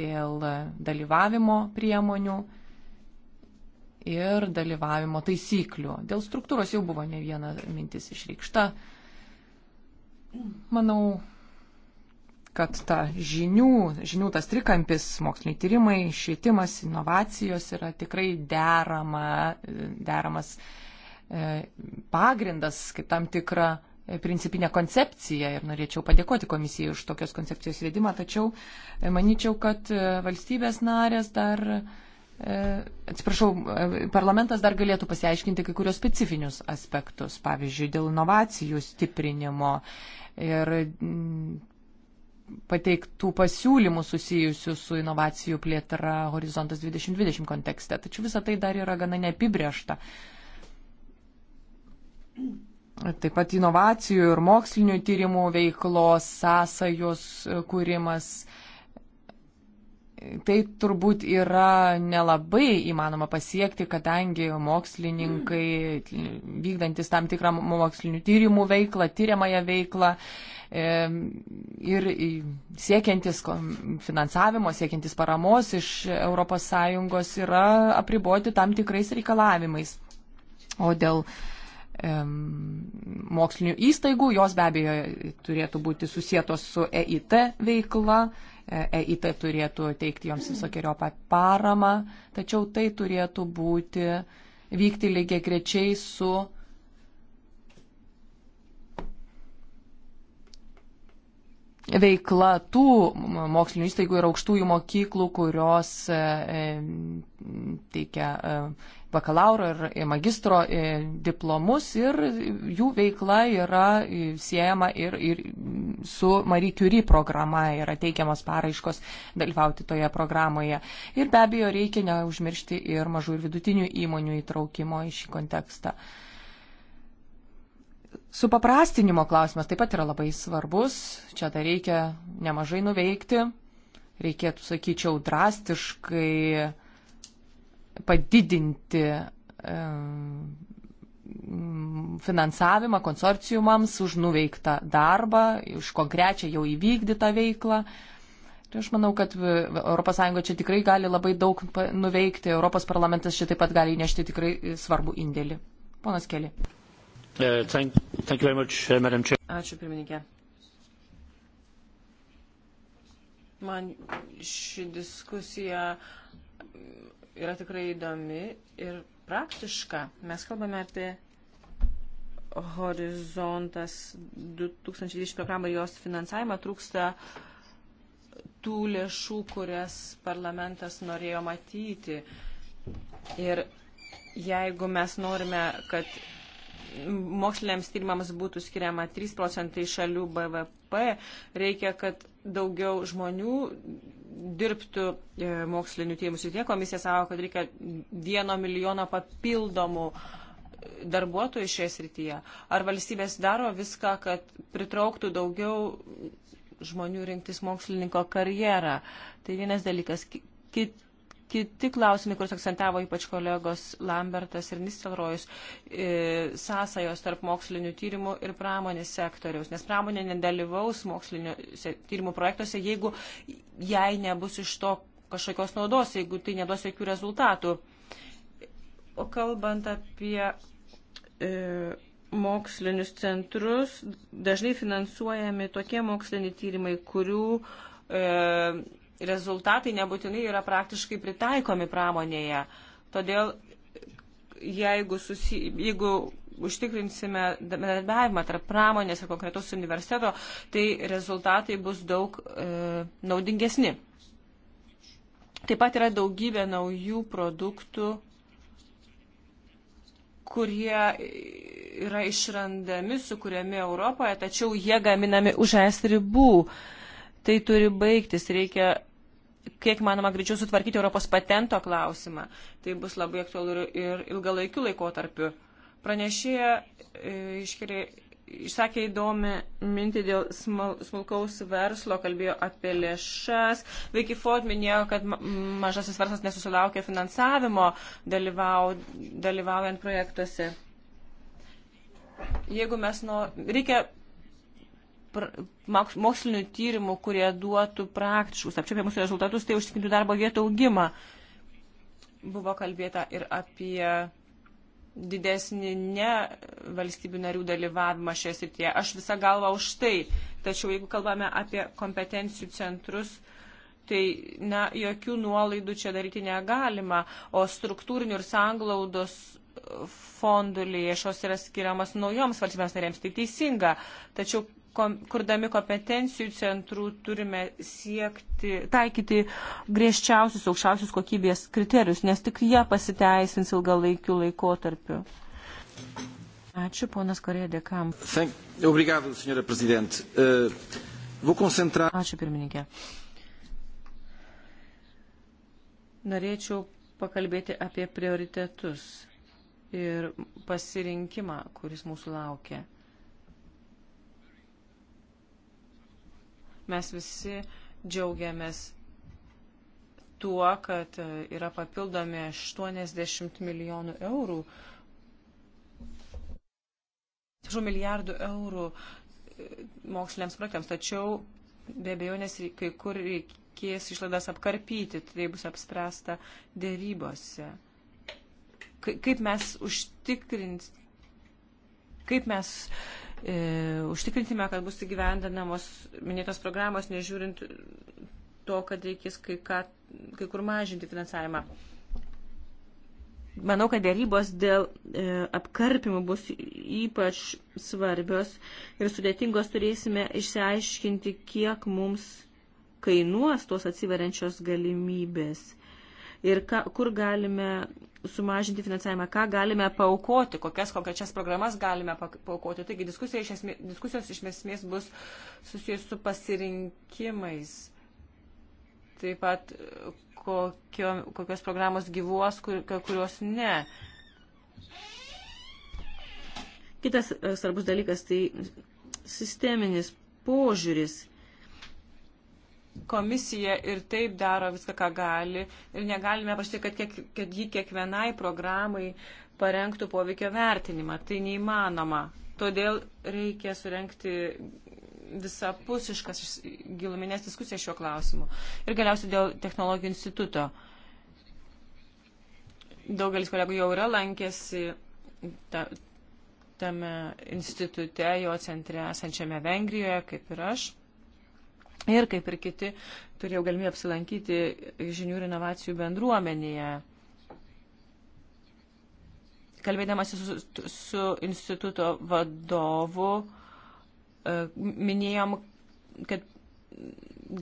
dėl dalyvavimo priemonių ir dalyvavimo taisyklių. Dėl struktūros jau buvo ne viena mintis išreikšta. Manau, kad ta žinių, žinių tas trikampis, moksliniai tyrimai, švietimas, inovacijos yra tikrai derama, deramas e, pagrindas kaip tam tikra e, principinė koncepcija ir norėčiau padėkoti komisijai už tokios koncepcijos įvedimą, tačiau e, manyčiau, kad valstybės narės dar, atsiprašau, parlamentas dar galėtų pasiaiškinti kai kurios specifinius aspektus, pavyzdžiui, dėl inovacijų stiprinimo ir pateiktų pasiūlymų susijusių su inovacijų plėtra Horizontas 2020 kontekste. Tačiau visa tai dar yra gana neapibriešta. Taip pat inovacijų ir mokslinių tyrimų veiklos, sąsajos e, kūrimas. Uh, Tai turbūt yra nelabai įmanoma pasiekti, kadangi mokslininkai, vykdantis tam tikrą mokslinių tyrimų veiklą, tyriamąją veiklą ir siekiantis finansavimo, siekiantis paramos iš ES yra apriboti tam tikrais reikalavimais. O dėl mokslinių įstaigų, jos be abejo turėtų būti susijėtos su EIT veikla EIT turėtų teikti joms visokiojo paramą, tačiau tai turėtų būti, vykti lygiai grečiai su veikla tų mokslinio įstaigų ir aukštųjų mokyklų, kurios e, e, teikia e, bakalauro ir magistro diplomus ir jų veikla yra siejama ir, ir su Marie Curie programa, yra teikiamos paraiškos dalyvauti toje programoje. Ir be abejo reikia neužmiršti ir mažų ir vidutinių įmonių įtraukimo į šį kontekstą. Uh, Supaprastinimo klausimas taip pat yra labai svarbus, čia dar reikia nemažai nuveikti, reikėtų, sakyčiau, drastiškai padidinti finansavimą konsorciumams už nuveiktą darbą, už konkrečią jau įvykdytą veiklą. Ir tai aš manau, kad ES čia tikrai gali labai daug nuveikti, Europos parlamentas čia taip pat gali įnešti tikrai svarbų indėlį. Ponas Keli. Uh, thank, thank you very much, uh, Madam Chair. Ačiū pirmininkė. Man ši diskusija yra tikrai įdomi ir praktiška. Mes kalbame apie horizontas 2020 programą ir jos finansavimą trūksta tų lėšų, kurias parlamentas norėjo matyti. Ir jeigu mes norime, kad moksliniams tyrimams būtų skiriama 3 procentai šalių BVP, reikia, kad daugiau žmonių dirbtų e, mokslinių tyrimų srityje. Komisija savo, kad reikia vieno milijono papildomų e, darbuotojų šioje srityje. Ar valstybės daro viską, kad pritrauktų daugiau žmonių rinktis mokslininko karjerą? Tai vienas dalykas. Kit, kiti klausimai, kuriuos akcentavo ypač kolegos Lambertas ir Nistelrojus, e, sąsajos tarp mokslinių tyrimų ir pramonės sektoriaus, nes pramonė nedalyvaus mokslinio tyrimų projektuose, jeigu jai nebus iš to kažkokios naudos, jeigu tai neduos jokių rezultatų. O kalbant apie e, mokslinius centrus, dažnai finansuojami tokie moksliniai tyrimai, kurių e, rezultatai nebūtinai yra praktiškai pritaikomi pramonėje. Todėl jeigu, susi, jeigu užtikrinsime bendradarbiavimą tarp pramonės ir konkretus universiteto, tai rezultatai bus daug e, naudingesni. Taip pat yra daugybė naujų produktų, kurie yra išrandami, sukūrėmi Europoje, tačiau jie gaminami už es ribų. Tai turi baigtis, reikia kiek manoma greičiau sutvarkyti Europos patento klausimą. Tai bus labai aktualu ir ilgalaikiu laikotarpiu. Pranešėja e, iškėlė, išsakė įdomi mintį dėl smal, smulkaus verslo, kalbėjo apie lėšas. Veiki Ford minėjo, kad mažasis verslas nesusilaukė finansavimo dalyvau, dalyvaujant projektuose. Jeigu mes nuo, reikia mokslinių tyrimų, kurie duotų praktiškus apčiopiamus rezultatus, tai užtikrintų darbo vietų augimą. Buvo kalbėta ir apie didesnį ne valstybių narių dalyvavimą šioje srityje. Aš visą galvą už tai. Tačiau jeigu kalbame apie kompetencijų centrus, tai na, jokių nuolaidų čia daryti negalima, o struktūrinių ir sanglaudos fondų lėšos yra skiriamas naujoms valstybėms narėms, tai teisinga. Tačiau kom, kurdami kompetencijų centrų, turime siekti, taikyti griežčiausius, aukščiausius kokybės kriterijus, nes tik jie pasiteisins ilgalaikiu laikotarpiu. Ačiū, ponas Korėja, dėkam. Obrigado, senhora prezident. Uh, eh, vou concentrar... Ačiū, pirmininkė. Norėčiau pakalbėti apie prioritetus ir pasirinkimą, kuris mūsų laukia. Mes visi džiaugiamės tuo, kad e, yra papildomi 80 milijonų eurų, atsiprašau, milijardų eurų e, moksliniams projektams. Tačiau be abejo, nes kai kur reikės išlaidas apkarpyti, tai bus apspręsta dėrybose. Kaip mes užtikrins, kaip mes e, užtikrinsime, kad bus įgyvendinamos minėtos programos, nežiūrint to, kad reikės kai, ką, kai kur mažinti finansavimą. Manau, kad dėrybos dėl e, apkarpimų bus ypač svarbios ir sudėtingos turėsime išsiaiškinti, kiek mums kainuos tos atsiveriančios galimybės ir ka, kur galime sumažinti finansavimą, ką galime paukoti, kokias konkrečias programas galime paukoti. Taigi diskusija iš esmė, diskusijos iš esmės bus susijęs su pasirinkimais. Taip pat kokio, kokios programos gyvuos, kur, kurios ne. Kitas e, svarbus dalykas tai sisteminis požiūris Komisija ir taip daro viską, ką gali ir negalime paštai, kad, kiek, kad ji kiekvienai programai parengtų poveikio vertinimą. Tai neįmanoma. Todėl reikia surenkti visapusiškas giluminės diskusijas šiuo klausimu. Ir galiausiai dėl technologijų instituto. Daugelis kolegų jau yra lankėsi ta, tame institute, jo centre esančiame Vengrijoje, kaip ir aš. Ir kaip ir kiti, turėjau galimybę apsilankyti žinių ir inovacijų bendruomenėje. Kalbėdamas su, su instituto vadovu, e, minėjom, kad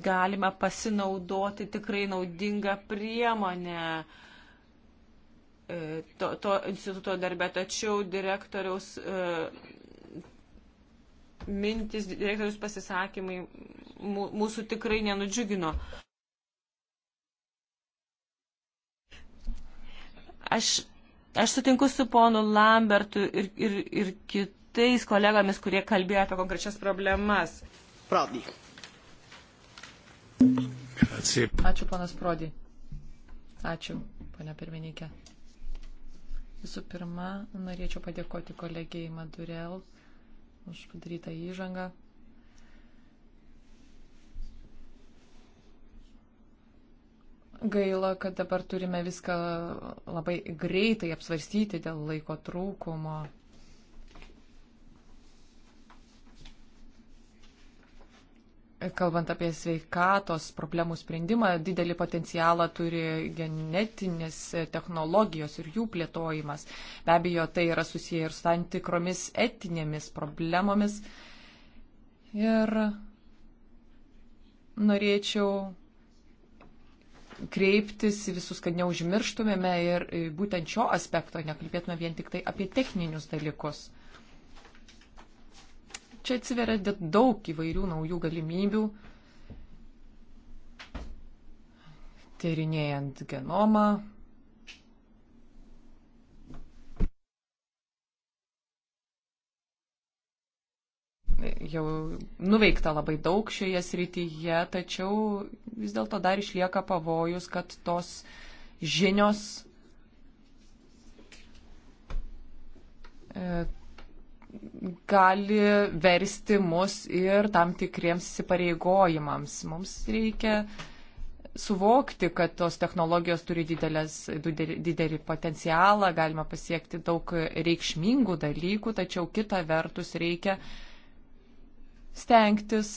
galima pasinaudoti tikrai naudingą priemonę e, to, to instituto darbę, tačiau direktoriaus e, mintis, direktorius pasisakymai mūsų tikrai nenudžiugino. Aš, aš sutinku su ponu Lambertu ir, ir, ir kitais kolegomis, kurie kalbėjo apie konkrečias problemas. Pradį. Ačiū, ponas Prodį. Ačiū, ponia pirmininkė. Visų pirma, norėčiau padėkoti kolegijai Madurel už padarytą įžangą. Gaila, kad dabar turime viską labai greitai apsvarstyti dėl laiko trūkumo. Kalbant apie sveikatos problemų sprendimą, didelį potencialą turi genetinės technologijos ir jų plėtojimas. Be abejo, tai yra susiję ir su tam tikromis etinėmis problemomis. Ir norėčiau kreiptis visus, kad neužmirštumėme ir būtent šio aspekto, nekalbėtume vien tik tai apie techninius dalykus čia atsiveria daug įvairių naujų galimybių, tyrinėjant genomą. Jau nuveikta labai daug šioje srityje, tačiau vis dėlto dar išlieka pavojus, kad tos žinios e, gali versti mus ir tam tikriems įsipareigojimams. Mums reikia suvokti, kad tos technologijos turi didelės, didelį potencialą, galima pasiekti daug reikšmingų dalykų, tačiau kita vertus reikia stengtis,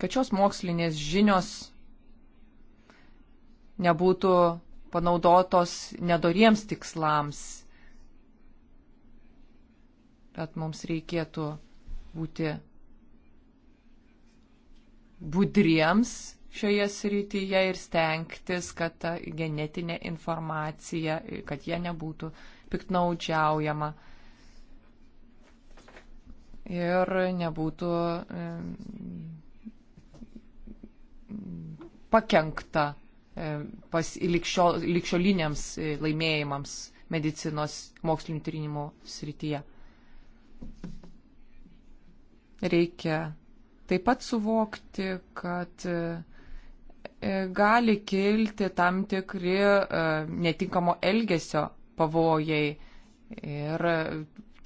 kad šios mokslinės žinios nebūtų panaudotos nedoriems tikslams. Bet mums reikėtų būti budriems šioje srityje ir stengtis, kad ta genetinė informacija, kad jie nebūtų piknaudžiaujama ir nebūtų pakenkta E, likšio, likščioliniams e, laimėjimams medicinos mokslinių tyrinimų srityje. Reikia taip pat suvokti, kad e, gali kilti tam tikri netinkamo elgesio pavojai ir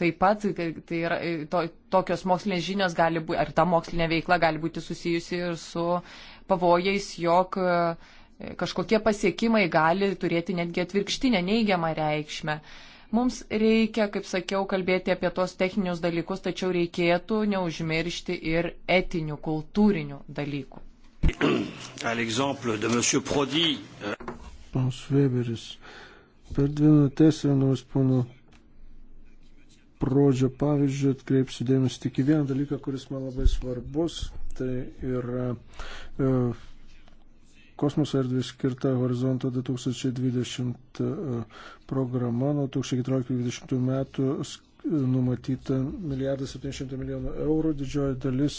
taip pat tai yra, to, tokios mokslinės žinios gali būti, ar ta mokslinė veikla gali būti susijusi ir su pavojais, jog uh, kažkokie pasiekimai gali turėti netgi atvirkštinę neigiamą reikšmę. Mums reikia, kaip sakiau, kalbėti apie tos techninius dalykus, tačiau reikėtų neužmiršti ir etinių, kultūrinių dalykų. Pons euh, Weberis, per dvi minutės vienos pono prodžio pavyzdžių atkreipsiu dėmesį tik į vieną dalyką, kuris man labai svarbus. Tai yra e, kosmoso erdvė skirta Horizonto 2020 e, programa nuo 2014-2020 metų e, numatyta milijardas 700 milijonų eurų. Didžioji dalis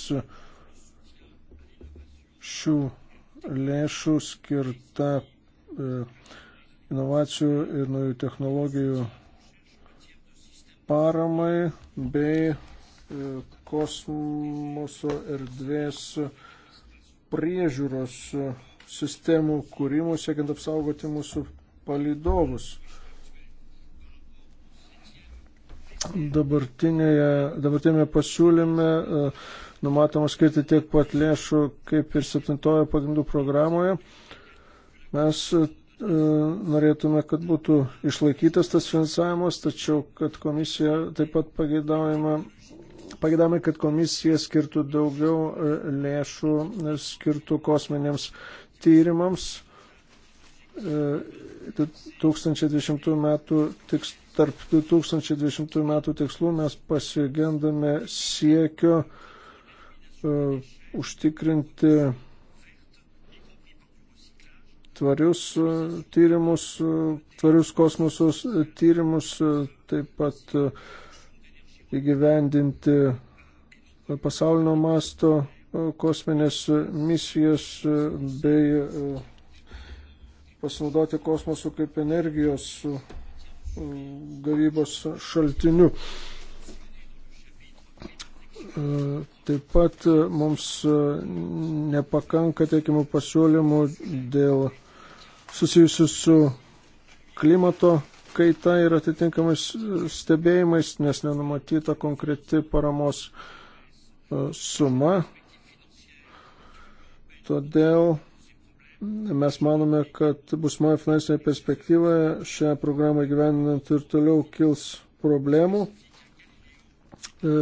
šių lėšų skirta e, inovacijų ir naujų technologijų paramai bei kosmoso erdvės priežiūros sistemų kūrimų, siekiant apsaugoti mūsų palidovus. Dabartinėme pasiūlyme e, numatoma skirti tiek pat lėšų, kaip ir septintojo pagrindų programoje. Mes e, norėtume, kad būtų išlaikytas tas finansavimas, tačiau kad komisija taip pat pageidaujama, pageidaujama kad komisija skirtų daugiau e, lėšų, skirtų kosminėms tyrimams. 2020 e, metų, tiks, tarp 2020 metų tikslų mes pasigendame siekio uh, užtikrinti tvarius uh, tyrimus, uh, tvarius kosmosos uh, tyrimus, uh, taip pat uh, įgyvendinti pasaulinio masto kosminės misijas e, bei e, pasinaudoti kosmosu kaip energijos e, gavybos šaltiniu. Taip pat mums nepakanka teikimų pasiūlymų dėl susijusių su klimato kaita ir atitinkamais stebėjimais, nes nenumatyta konkreti paramos suma Todėl mes manome, kad busmoje finansinėje perspektyvoje šią programą gyveninant ir toliau kils problemų. E,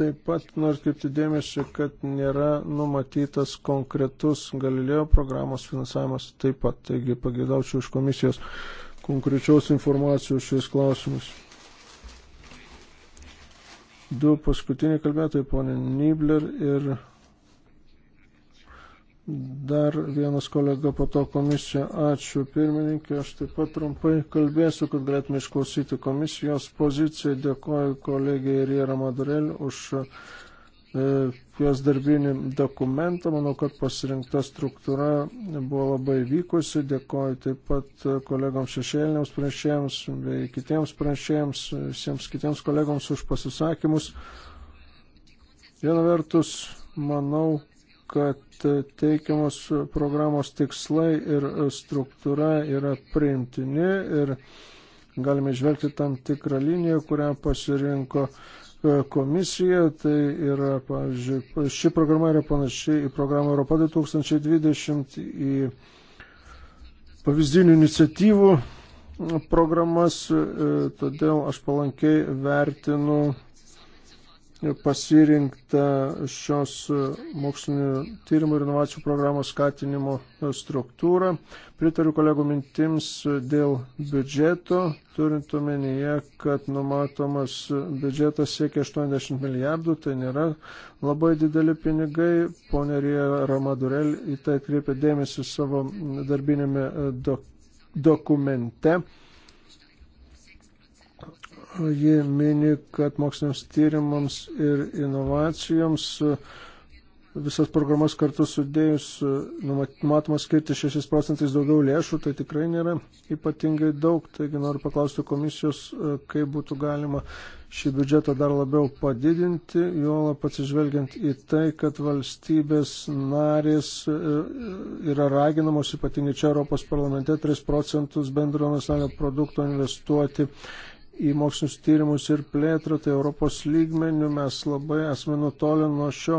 taip pat noriu atkreipti dėmesį, kad nėra numatytas konkretus Galilėjo programos finansavimas taip pat. Taigi pagėdaučiau iš komisijos konkrečios informacijos šiais klausimais. Du paskutiniai kalbėtojai, ponė Nibler ir Dar vienas kolega po to komisija. Ačiū pirmininkė. Aš taip pat trumpai kalbėsiu, kad galėtume išklausyti komisijos poziciją. Dėkoju kolegijai Riera Madurel už e, jos darbinį dokumentą. Manau, kad pasirinkta struktūra buvo labai vykusi. Dėkoju taip pat kolegoms šešėliniams pranešėjams bei kitiems pranešėjams, visiems kitiems kolegoms už pasisakymus. Viena vertus, manau, kad teikiamos programos tikslai ir struktūra yra priimtini ir galime žvelgti tam tikrą liniją, kurią pasirinko e, komisija. Tai yra, pavyzdžiui, ši programa yra panaši į programą Europa 2020, į pavyzdinių iniciatyvų programas, e, todėl aš palankiai vertinu pasirinkta šios mokslinio tyrimų ir inovacijų programos skatinimo struktūra. Pritariu kolegų mintims dėl biudžeto, turint omenyje, kad numatomas biudžetas siekia 80 milijardų, tai nėra labai dideli pinigai. Pone Rija Ramadurel į tai kreipia dėmesį savo darbinėme dokumente. Ji mini, kad moksliniams tyrimams ir inovacijoms e, visas programas kartu sudėjus e, numatoma skirti 6 procentais daugiau lėšų, tai tikrai nėra ypatingai daug. Taigi noriu paklausti komisijos, e, kaip būtų galima šį biudžetą dar labiau padidinti, juolap atsižvelgiant į tai, kad valstybės narės yra raginamos, ypatingai čia Europos parlamente, 3 procentus bendro nacionalinio produkto investuoti į mokslinius tyrimus ir plėtrą, tai Europos lygmenių mes labai esame nutolę nuo šio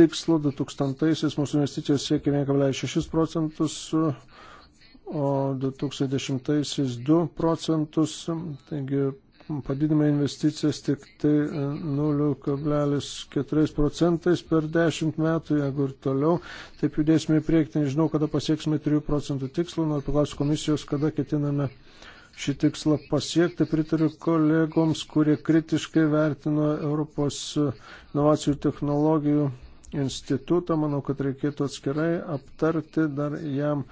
tikslo. 2000-aisiais mūsų investicijos siekia 1,6 procentus, o 2010-aisiais 2 procentus. Taigi padidinome investicijas tik tai 0,4 procentais per 10 metų, jeigu ir toliau. Taip judėsime į priekį, tai nežinau, kada pasieksime 3 procentų tikslą, noriu paklausti komisijos, kada ketiname šį tikslą pasiekti. Pritariu kolegoms, kurie kritiškai vertino Europos inovacijų technologijų institutą. Manau, kad reikėtų atskirai aptarti dar jam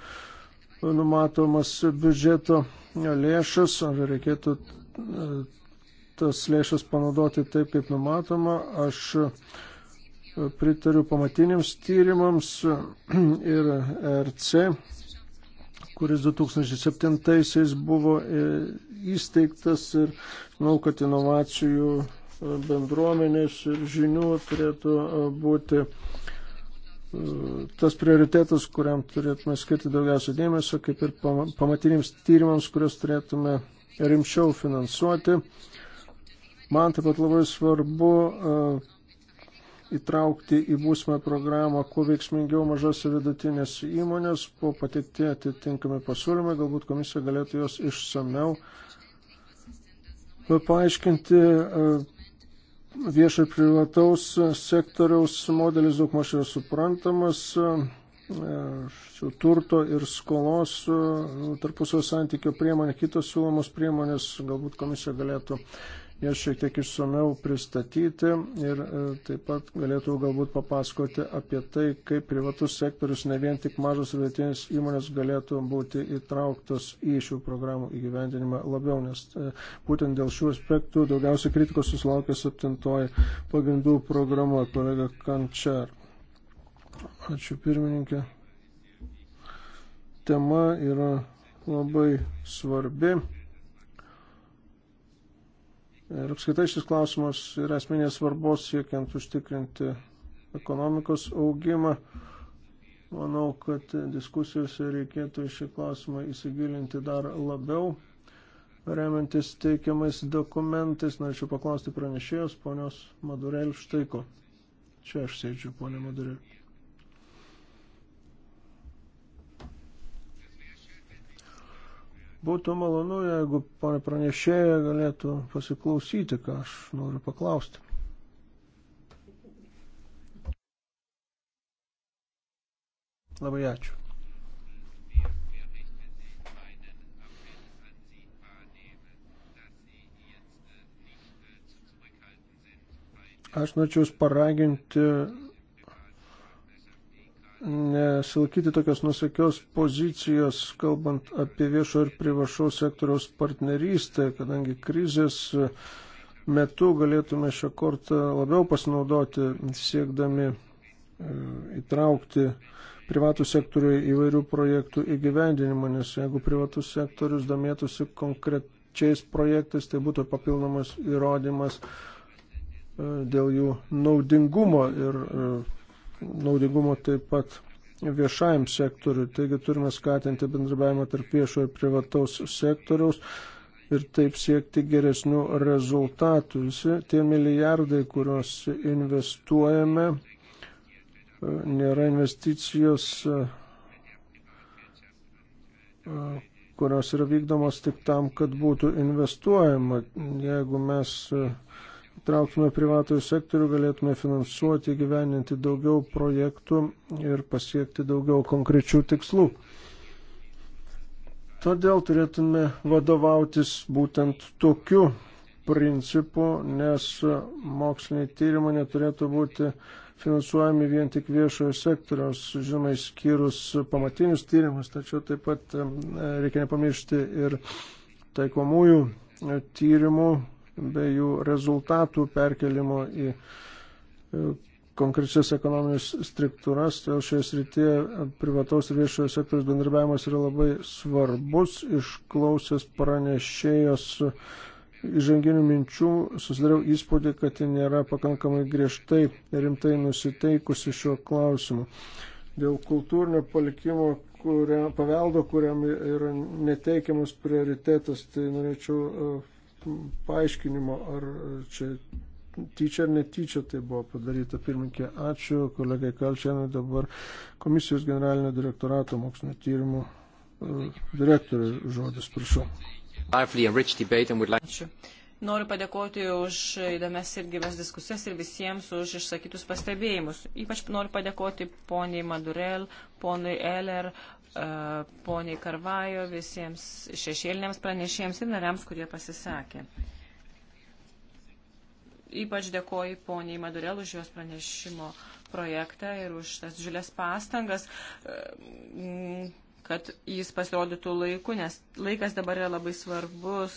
numatomas biudžeto lėšas, ar reikėtų e, tas lėšas panaudoti taip, kaip numatoma. Aš pritariu pamatiniams tyrimams ir RC kuris 2007-aisiais buvo e, įsteigtas ir manau, kad inovacijų e, bendruomenės ir žinių turėtų e, būti tas prioritetas, kuriam turėtume skirti daugiausia dėmesio, kaip ir pamatiniams tyrimams, kuriuos turėtume rimčiau finansuoti. Man taip pat labai svarbu įtraukti į būsimą programą kuo veiksmingiau mažas ir vidutinės įmonės, po pateikti atitinkami pasiūlymai, galbūt komisija galėtų jos išsameu paaiškinti e, viešo ir privataus sektoriaus modelis daug maž yra suprantamas, e, šio turto ir skolos e, tarpusio santykio priemonė, kitos siūlomos priemonės, galbūt komisija galėtų jas šiek tiek išsameu pristatyti ir e, taip pat galėtų galbūt papasakoti apie tai, kaip privatus sektorius, ne vien tik mažos ir vietinės įmonės galėtų būti įtrauktos į šių programų įgyvendinimą labiau, nes e, būtent dėl šių aspektų daugiausiai kritikos susilaukė septintoji pagrindų programa, kolega Kančar. Ačiū pirmininkė. Tema yra labai svarbi Ir apskaitai šis klausimas yra esminės svarbos siekiant užtikrinti ekonomikos augimą. Manau, kad diskusijose reikėtų šį klausimą įsigilinti dar labiau. Remiantis teikiamais dokumentais, norėčiau paklausti pranešėjos ponios Madurel Štaiko. Čia aš sėdžiu, ponė Madurel. Būtų malonu, jeigu ponė pranešėja galėtų pasiklausyti, ką aš noriu paklausti. Labai ačiū. Aš norėčiau paraginti sulaikyti tokios nusakios pozicijos, kalbant apie viešo ir privašaus sektoriaus partnerystę, kadangi krizės metu galėtume šią kortą labiau pasinaudoti, siekdami e, įtraukti privatų sektorių įvairių projektų įgyvendinimą, nes jeigu privatus sektorius domėtųsi konkrečiais projektais, tai būtų papildomas įrodymas e, dėl jų naudingumo ir e, naudingumo taip pat viešajam sektoriu. Taigi turime skatinti bendrabiavimą tarp viešo ir privataus sektoriaus ir taip siekti geresnių rezultatų. Visi tie milijardai, kuriuos investuojame, nėra investicijos, kurios yra vykdomos tik tam, kad būtų investuojama. Jeigu mes trauksime privatojų sektorių, galėtume finansuoti, gyveninti daugiau projektų ir pasiekti daugiau konkrečių tikslų. Todėl turėtume vadovautis būtent tokiu principu, nes moksliniai tyrimai neturėtų būti finansuojami vien tik viešojo sektoriaus, žinoma, išskyrus pamatinius tyrimus, tačiau taip pat e, reikia nepamiršti ir taikomųjų tyrimų, bei jų rezultatų perkelimo į e, konkrečias ekonominės struktūras. Todėl šioje srityje e, privataus ir viešojo sektoriaus bendrabiavimas yra labai svarbus. Išklausęs pranešėjos įžanginių minčių susidariau įspūdį, kad ji nėra pakankamai griežtai ir rimtai nusiteikusi šiuo klausimu. Dėl kultūrinio palikimo kuria, paveldo, kuriam yra neteikiamas prioritetas, tai norėčiau uh, paaiškinimo, ar čia tyčia ar netyčia tai buvo padaryta. Pirminkė, ačiū kolegai Kalčianui, dabar komisijos generalinio direktorato mokslinio tyrimų e, direktorių žodis, prašau. Ačiū. Noriu padėkoti už įdomias ir gyvas diskusijas ir visiems už išsakytus pastebėjimus. Ypač noriu padėkoti poniai Madurel, ponui Eller, E, poniai Karvajo, visiems šešėliniams pranešėjams ir nariams, kurie pasisakė. Ypač dėkoju poniai Madurel už jos pranešimo projektą ir už tas žiūrės pastangas, e, kad jis pasirodytų laiku, nes laikas dabar yra labai svarbus,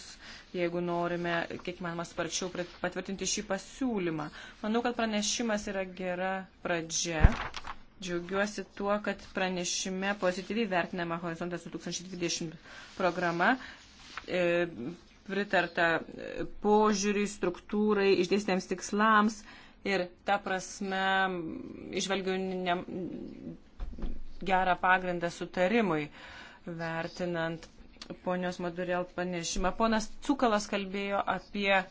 jeigu norime, kiek manoma, sparčiau patvirtinti šį pasiūlymą. Manau, kad pranešimas yra gera pradžia Džiaugiuosi tuo, kad pranešime pozityviai vertinama Horizontas 2020 programa, e, pritarta e, požiūriui, struktūrai, išdėstėms tikslams ir ta prasme išvelgiu ne, gerą pagrindą sutarimui vertinant ponios Madurėl panešimą. Ponas Cukalas kalbėjo apie,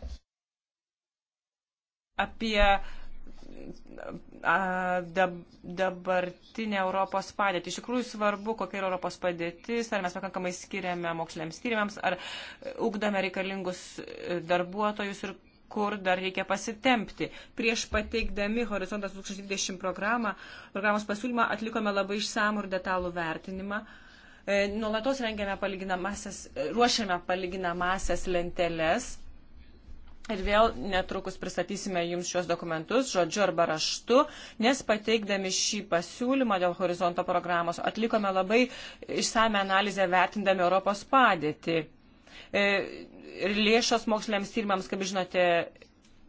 apie dabartinę Europos padėtį. Iš tikrųjų svarbu, kokia yra Europos padėtis, ar mes pakankamai skiriame moksliniams tyrimams, ar ugdame reikalingus darbuotojus ir kur dar reikia pasitempti. Prieš pateikdami Horizontas 2020 programą, programos pasiūlymą atlikome labai išsamų ir detalų vertinimą. E, nuolatos rengiame palyginamasias, e, ruošiame palyginamasias lenteles Ir vėl netrukus pristatysime jums šios dokumentus žodžiu arba raštu, nes pateikdami šį pasiūlymą dėl horizonto programos atlikome labai išsame analizę vertindami Europos padėtį. E, ir lėšos moksliniams tyrimams, kaip žinote,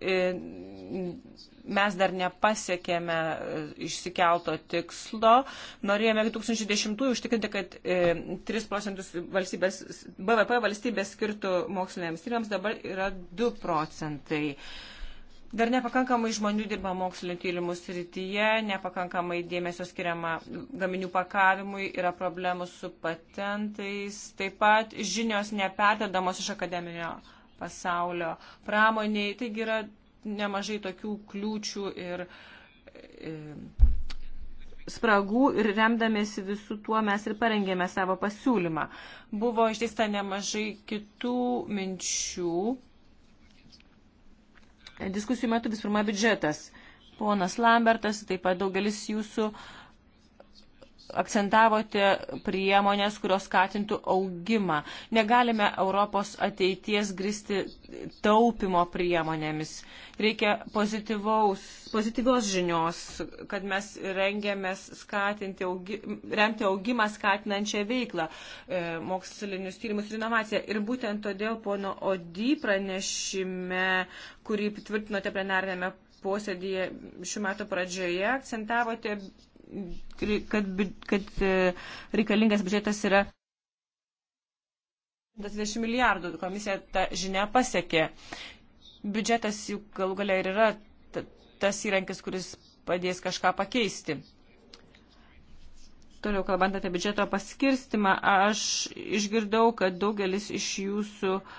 E, mes dar nepasiekėme e, išsikelto tikslo. Norėjome 2010-ųjų užtikrinti, kad 3 e, procentus valstybės, BVP valstybės skirtų moksliniams tyrimams, dabar yra 2 procentai. Dar nepakankamai žmonių dirba mokslinio tyrimų srityje, nepakankamai dėmesio skiriama gaminių pakavimui, yra problemų su patentais, taip pat žinios neperdedamos iš akademinio pasaulio pramoniai. Taigi yra nemažai tokių kliūčių ir e, spragų ir remdamėsi visų tuo mes ir parengėme savo pasiūlymą. Buvo išdėsta nemažai kitų minčių. Diskusijų metu vis pirma biudžetas. Ponas Lambertas, taip pat daugelis jūsų uh, akcentavote priemonės, kurios skatintų augimą. Negalime Europos ateities gristi taupimo priemonėmis. Reikia pozityvios žinios, kad mes rengiamės skatinti, augi, remti augimą skatinančią veiklą, e, mokslinius tyrimus ir inovaciją. Ir būtent todėl pono Odį pranešime, kurį tvirtinote plenarnėme posėdėje šių metų pradžioje, akcentavote kad, kad e, reikalingas biudžetas yra 120 milijardų. Komisija tą žinę pasiekė. Biudžetas juk galų galia ir yra tas įrankis, kuris padės kažką pakeisti. Toliau kalbant apie biudžeto paskirstimą, aš išgirdau, kad daugelis iš jūsų uh,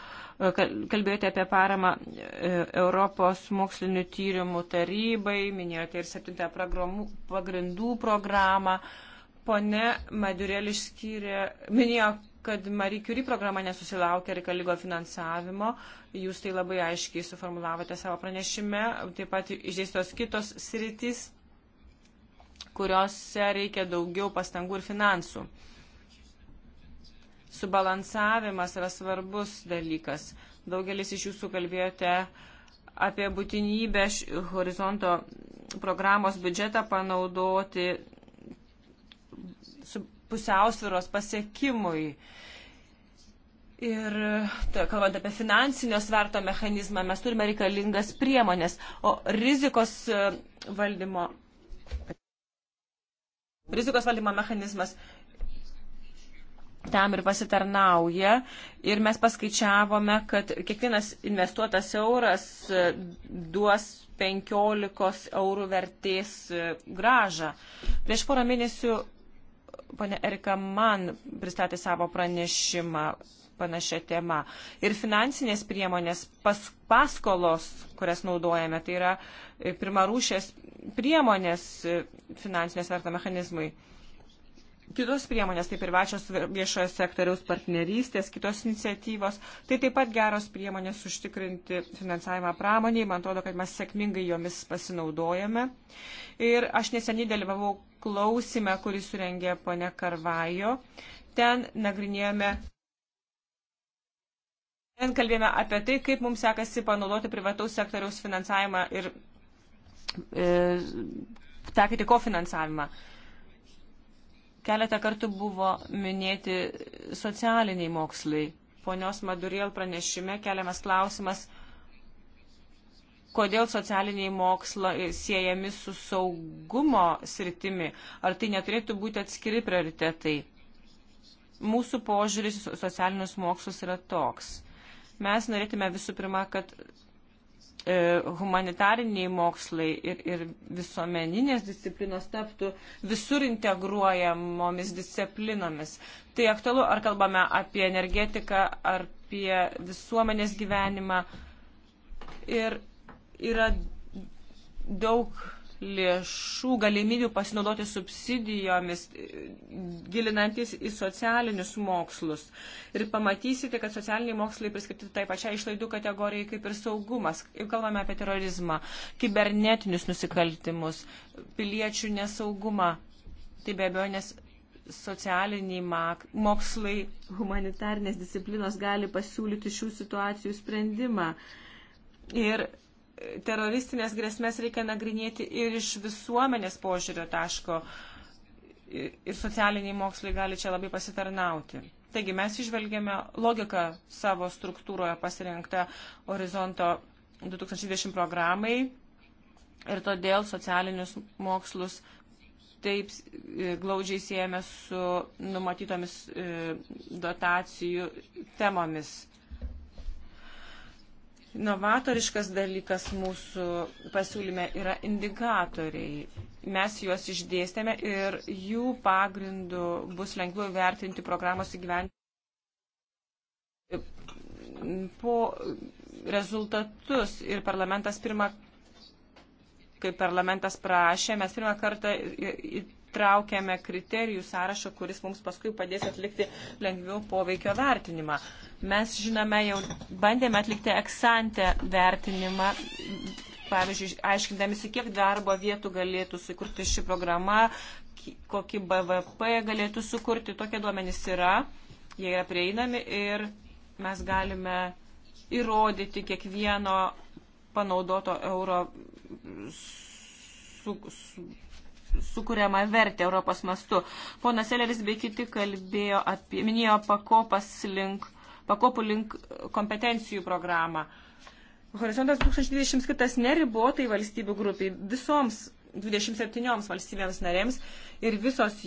kalbėjote apie paramą e, Europos mokslinių tyrimų tarybai, minėjote ir septintą programų, pagrindų programą. Pone Madurėl išskyrė, minėjo, kad Marie Curie programa nesusilaukė reikalingo finansavimo. Jūs tai labai aiškiai suformulavote savo pranešime. Taip pat išdėstos kitos sritys, kuriuose reikia daugiau pastangų ir finansų subalansavimas yra svarbus dalykas. Daugelis iš jūsų kalbėjote apie būtinybę horizonto programos biudžetą panaudoti pusiausviros pasiekimui. Ir tai, kalbant apie finansinio sverto mechanizmą, mes turime reikalingas priemonės, o rizikos e, valdymo, rizikos valdymo mechanizmas tam ir pasitarnauja. Ir mes paskaičiavome, kad kiekvienas investuotas euras e, duos 15 eurų vertės e, gražą. Prieš porą mėnesių ponė Erika man pristatė savo pranešimą panašia tema. Ir finansinės priemonės pas, paskolos, kurias naudojame, tai yra e, pirmarūšės priemonės finansinės verto mechanizmui kitos priemonės, tai privačios viešojo sektoriaus partnerystės, kitos iniciatyvos, tai taip pat geros priemonės užtikrinti finansavimą pramoniai. Man atrodo, kad mes sėkmingai jomis pasinaudojame. Ir aš neseniai dalyvavau klausime, kurį surengė ponia Karvajo. Ten nagrinėjome. Ten kalbėjome apie tai, kaip mums sekasi panaudoti privataus sektoriaus finansavimą ir e, taikyti kofinansavimą. E, Keletą kartų buvo minėti socialiniai mokslai. Ponios Madurėl pranešime keliamas klausimas, kodėl socialiniai mokslai siejami su saugumo sritimi. Ar tai neturėtų būti atskiri prioritetai? Mūsų požiūris socialinius mokslus yra toks. Mes norėtume visų pirma, kad E, humanitariniai mokslai ir, ir visuomeninės disciplinos taptų visur integruojamomis disciplinomis. Tai aktualu, ar kalbame apie energetiką, ar apie visuomenės gyvenimą. Ir yra daug lėšų, galimybių pasinaudoti subsidijomis, gilinantis į socialinius mokslus. Ir pamatysite, kad socialiniai mokslai priskirti taip pačiai išlaidų kategorijai kaip ir saugumas. Jau kalbame apie terorizmą, kibernetinius nusikaltimus, piliečių nesaugumą. Tai be abejo, nes socialiniai mokslai, humanitarnės disciplinos gali pasiūlyti šių situacijų sprendimą. Ir teroristinės grėsmės reikia nagrinėti ir iš visuomenės požiūrio taško ir socialiniai mokslai gali čia labai pasitarnauti. Taigi mes išvelgėme logiką savo struktūroje pasirinktą Horizonto 2020 programai ir todėl socialinius mokslus taip e, glaudžiai siejame su numatytomis e, dotacijų temomis Novatoriškas dalykas mūsų pasiūlyme yra indikatoriai. Mes juos išdėstėme ir jų pagrindu bus lengviau vertinti programos įgyventi po rezultatus ir parlamentas pirmą, kaip parlamentas prašė, mes pirmą kartą įtraukėme kriterijų sąrašą, kuris mums paskui padės atlikti lengviau poveikio vertinimą. Mes žinome, jau bandėme atlikti eksantę vertinimą, pavyzdžiui, aiškindamisi, kiek darbo vietų galėtų sukurti ši programa, kokį BVP galėtų sukurti. Tokie duomenys yra, jie yra prieinami ir mes galime įrodyti kiekvieno panaudoto euro su, su, sukuriamą vertę Europos mastu. Ponas Seleris bei kiti kalbėjo apie, minėjo pakopas link pakopų link kompetencijų programą. Horizontas 2020 skirtas neribotai valstybių grupiai, visoms 27 valstybėms narėms ir visos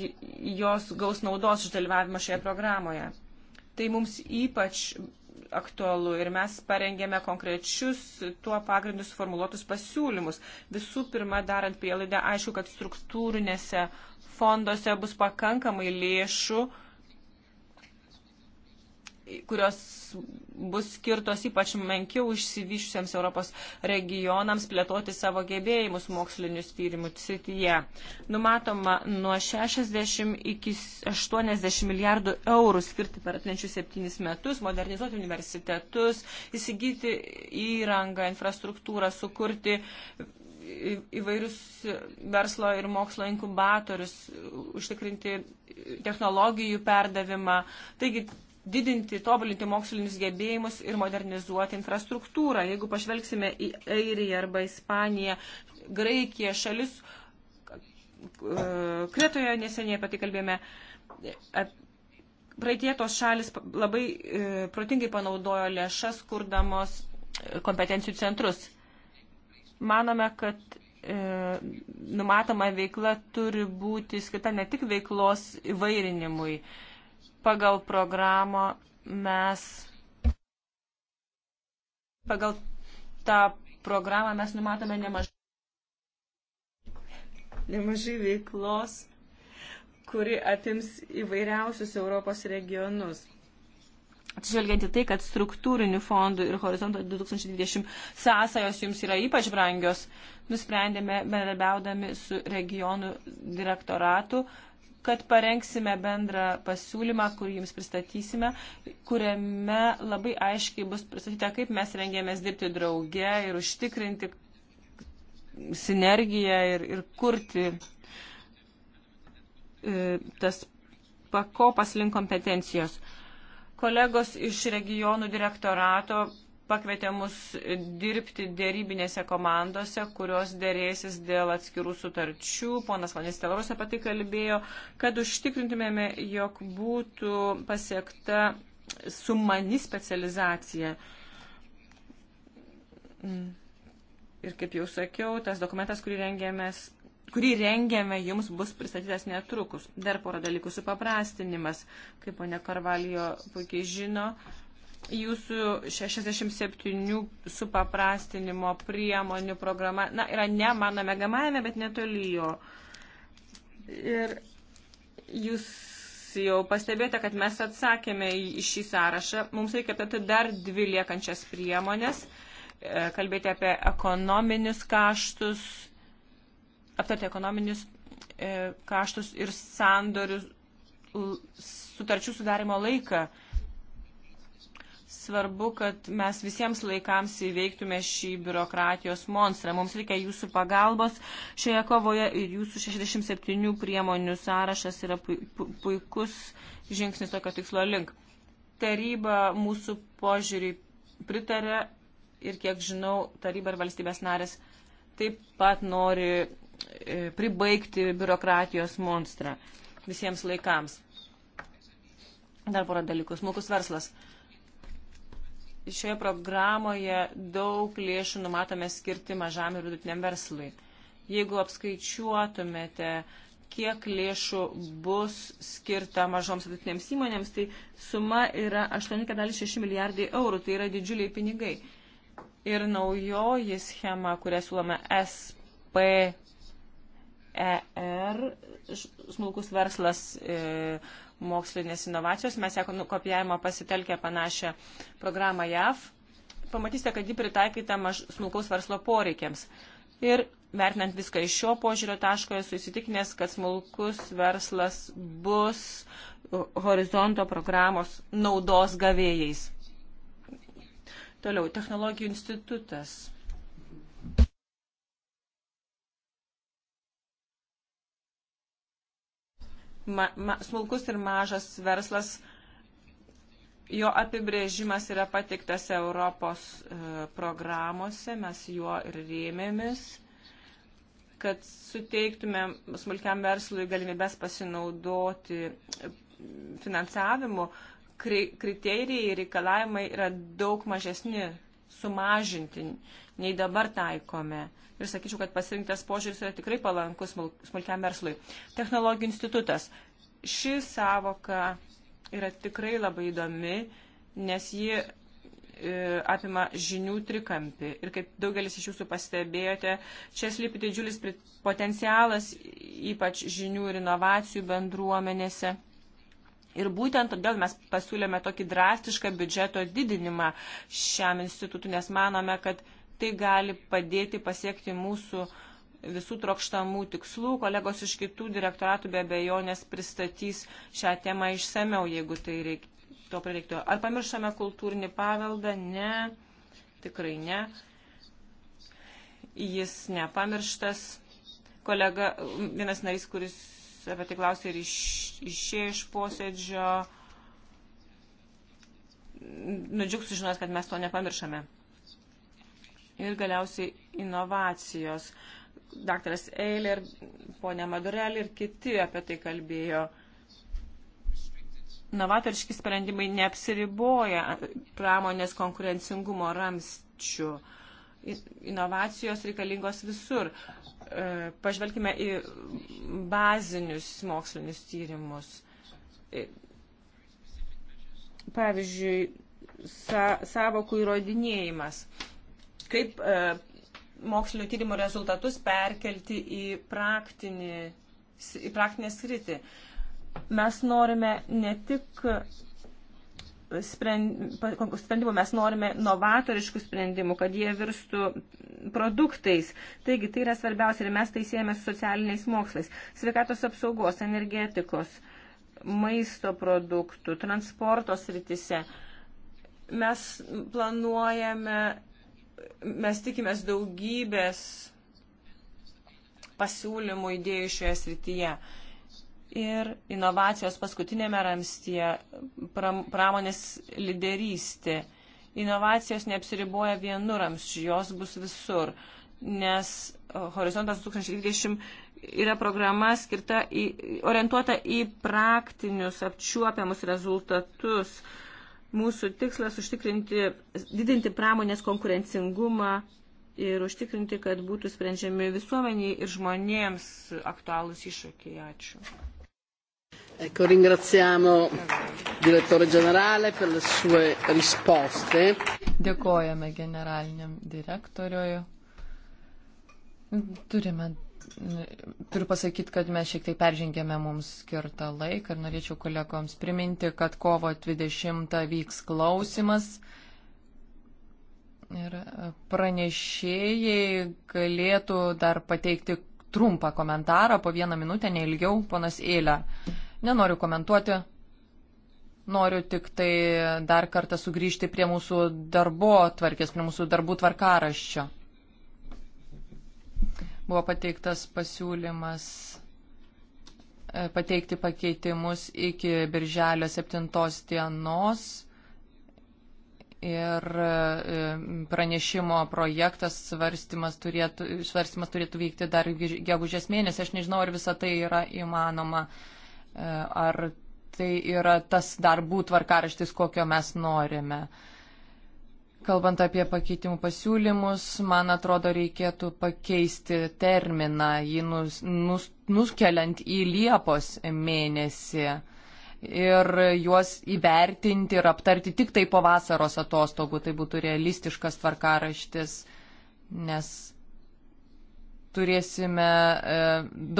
jos gaus naudos iš dalyvavimo šioje programoje. Tai mums ypač aktualu ir mes parengėme konkrečius tuo pagrindu suformuoluotus pasiūlymus. Visų pirma, darant prielaidą, aišku, kad struktūrinėse fonduose bus pakankamai lėšų uh, kurios bus skirtos ypač menkiau išsivyšusiems Europos regionams plėtoti savo gebėjimus mokslinius tyrimų srityje. Numatoma nuo 60 iki 80 milijardų eurų skirti per atlenčius septynis metus, modernizuoti universitetus, įsigyti įrangą, infrastruktūrą, sukurti įvairius verslo ir mokslo inkubatorius, užtikrinti technologijų perdavimą. Taigi didinti, tobulinti mokslinius gebėjimus ir modernizuoti infrastruktūrą. Jeigu pažvelgsime į Airiją arba Ispaniją, Graikiją, šalis, e, Kretoje neseniai apie tai kalbėjome, praeitėtos šalis labai e, protingai panaudojo lėšas, kurdamos e, kompetencijų centrus. Manome, kad numatoma veikla turi būti skirta ne tik veiklos įvairinimui, pagal programą mes. Pagal tą programą mes numatome nemažai, nemažai veiklos, kuri apims įvairiausius Europos regionus. Atsižvelgiant į tai, kad struktūrinių fondų ir horizonto 2020 sąsajos jums yra ypač brangios, nusprendėme bendrabiaudami su regionų direktoratu kad parengsime bendrą pasiūlymą, kurį jums pristatysime, kuriame labai aiškiai bus pristatyta, kaip mes rengėmės dirbti drauge ir užtikrinti sinergiją ir, ir kurti e, tas pakopas link kompetencijos. Kolegos iš regionų direktorato pakvietė mus dirbti dėrybinėse komandose, kurios dėrėsis dėl atskirų sutarčių. Ponas Vanis Tevarus apie tai kalbėjo, kad užtikrintumėme, jog būtų pasiekta sumani specializacija. Ir kaip jau sakiau, tas dokumentas, kurį rengėmės kurį rengėme, jums bus pristatytas netrukus. Dar porą dalykų supaprastinimas, kaip ponia Karvalijo puikiai žino, uh, jūsų 67 supaprastinimo priemonių programa, na, yra ne mano megamajame, bet netoli jo. Ir jūs jau pastebėjote, kad mes atsakėme į šį sąrašą. Mums reikia aptarti dar dvi liekančias priemonės, e, kalbėti apie ekonominius kaštus, aptarti ekonominius e, kaštus ir sandorius sutarčių sudarimo laiką. Svarbu, kad mes visiems laikams įveiktume šį biurokratijos monstrą. Mums reikia jūsų pagalbos šioje kovoje ir jūsų 67 priemonių sąrašas yra puikus žingsnis tokio tikslo link. Taryba mūsų požiūrį pritarė ir, kiek žinau, taryba ir valstybės narės taip pat nori e, pribaigti biurokratijos monstrą visiems laikams. Dar porą dalykų. Smulkus verslas šioje programoje daug lėšų numatome skirti mažam ir vidutiniam verslui. Jeigu apskaičiuotumėte, kiek lėšų bus skirta mažoms vidutinėms įmonėms, tai suma yra 8,6 milijardai eurų, tai yra didžiuliai pinigai. Ir naujoji schema, kurią siūlome SPER, smulkus verslas. E, mokslinės inovacijos. Mes ją nu, kopijavimo pasitelkę panašią programą JAV. Pamatysite, kad ji pritaikyta maž, smulkaus verslo poreikiams. Ir vertinant viską iš šio požiūrio taško, esu įsitikinęs, kad smulkus verslas bus horizonto programos naudos gavėjais. Toliau, technologijų institutas. ma, ma, smulkus ir mažas verslas, jo apibrėžimas yra patiktas Europos e, programuose, mes juo ir rėmėmis, kad suteiktume smulkiam verslui galimybės pasinaudoti e, finansavimu, kriterijai ir reikalavimai yra daug mažesni sumažinti, nei dabar taikome. Ir sakyčiau, kad pasirinktas požiūris yra tikrai palankus smulkiam verslui. Technologijų institutas. Ši savoka yra tikrai labai įdomi, nes ji e, apima žinių trikampį. Ir kaip daugelis iš jūsų pastebėjote, čia slypi didžiulis potencialas, ypač žinių ir inovacijų bendruomenėse. Ir būtent todėl mes pasiūlėme tokį drastišką biudžeto didinimą šiam institutui, nes manome, kad tai gali padėti pasiekti mūsų visų trokštamų tikslų. Kolegos iš kitų direktoratų be abejonės pristatys šią temą išsameu, jeigu tai reik, to prireiktų. Ar pamiršame kultūrinį paveldą? Ne, tikrai ne. Jis nepamirštas. Kolega, vienas narys, kuris apie tai klausė ir iš, išėjo iš posėdžio. Nudžiugsiu žinos, kad mes to nepamiršame. Ir galiausiai inovacijos. Daktaras Eiler, ponia Madurelė ir kiti apie tai kalbėjo novatoriški sprendimai neapsiriboja pramonės konkurencingumo ramsčių inovacijos reikalingos visur. E, pažvelkime į bazinius mokslinius tyrimus. E, pavyzdžiui, sa, savokų įrodinėjimas. Kaip e, mokslinio tyrimo rezultatus perkelti į, praktinį, į praktinę sritį. Mes norime ne tik sprendimų, mes norime novatoriškų sprendimų, kad jie virstų produktais. Taigi tai yra svarbiausia ir mes tai siejame su socialiniais mokslais. Sveikatos apsaugos, energetikos, maisto produktų, transporto sritise. Mes planuojame, mes tikimės daugybės pasiūlymų idėjų šioje srityje. Uh, ir inovacijos paskutinėme ramstyje pramonės lyderystė. Inovacijos neapsiriboja vienu ramščiu, jos bus visur, nes Horizontas 2020 yra programa skirta į, orientuota į praktinius apčiuopiamus rezultatus. Mūsų tikslas užtikrinti, didinti pramonės konkurencingumą, ir užtikrinti, kad būtų sprendžiami visuomeniai ir žmonėms aktualūs iššūkiai. Ačiū. Ecco, ringraziamo il direttore generale per le sue risposte. Dėkojame generaliniam direktoriui. Turime, turiu pasakyti, kad mes šiek tiek peržengėme mums skirtą laiką ir norėčiau kolegoms priminti, kad kovo 20 vyks klausimas. Ir pranešėjai galėtų dar pateikti trumpą komentarą po vieną minutę, neilgiau, ponas Eilė. Nenoriu komentuoti. Noriu tik tai dar kartą sugrįžti prie mūsų darbo tvarkės, prie mūsų darbų tvarkaraščio. Buvo pateiktas pasiūlymas e, pateikti pakeitimus iki birželio 7 dienos ir e, pranešimo projektas svarstymas turėtų, svarstymas turėtų vykti dar gegužės mėnesį. Aš nežinau, ar visa tai yra įmanoma. E, ar tai yra tas darbų tvarkaraštis, kokio mes norime. Kalbant apie pakeitimų pasiūlymus, man atrodo, reikėtų pakeisti terminą, jį nus, nus, nuskeliant į Liepos mėnesį ir juos įvertinti ir aptarti tik tai po vasaros atostogų. Tai būtų realistiškas tvarkaraštis, nes turėsime e,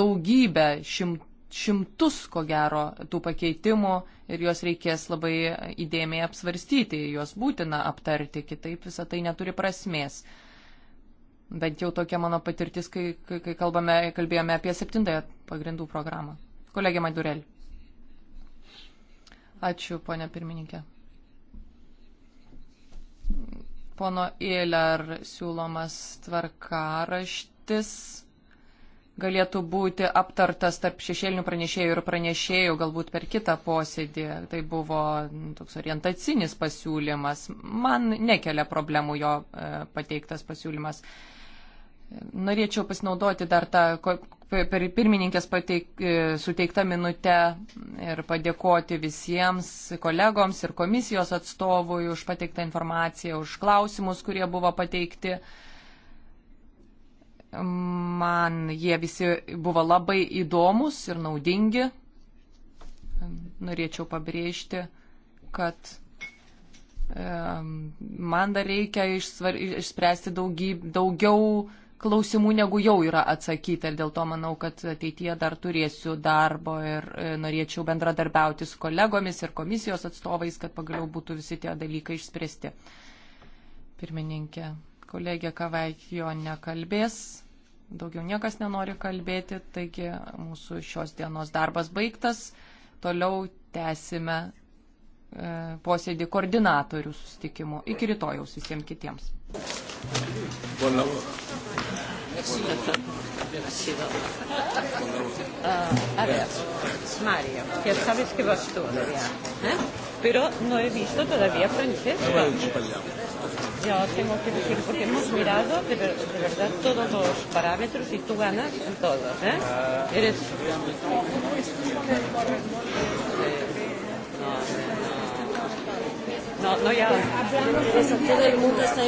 daugybę šimtų šimtus, ko gero, tų pakeitimų ir juos reikės labai įdėmiai apsvarstyti, juos būtina aptarti, kitaip visą tai neturi prasmės. Bent jau tokia mano patirtis, kai, kai, kai kalbame, kalbėjome apie septintąją pagrindų programą. Kolegė Madurel. Ačiū, ponia pirmininkė. Pono Eiler siūlomas tvarkaraštis galėtų būti aptartas tarp šešėlinių pranešėjų ir pranešėjų galbūt per kitą posėdį. Tai buvo mm, toks orientacinis pasiūlymas. Man nekelia problemų jo e, pateiktas pasiūlymas. Norėčiau pasinaudoti dar tą per pirmininkės pateik, e, suteiktą minutę ir padėkoti visiems kolegoms ir komisijos atstovui už pateiktą informaciją, už klausimus, kurie buvo pateikti. Uh, Man jie visi buvo labai įdomus ir naudingi. Norėčiau pabrėžti, kad man dar reikia išsvar, išspręsti daugyb, daugiau klausimų, negu jau yra atsakyta. Ir dėl to manau, kad ateityje dar turėsiu darbo ir e, norėčiau bendradarbiauti su kolegomis ir komisijos atstovais, kad pagaliau būtų visi tie dalykai išspręsti. Pirmininkė, kolegė Kavaik jo nekalbės. Daugiau niekas nenori kalbėti, taigi mūsų šios dienos darbas baigtas. Toliau tęsime e, posėdį koordinatorių susitikimu. Iki rytojaus visiems kitiems. Buon lavoro. Buon lavoro. Uh, adesso, Mario, ya sabes que vas tú, Adrián, ¿eh? pero no he visto todavía Francesco. Eh, yo tengo que decir, porque hemos mirado de, ver, de verdad todos los parámetros y tú ganas en todos. ¿eh? Uh, Eres. No, no, no. No, no ya. Hablamos de eso, todo el mundo está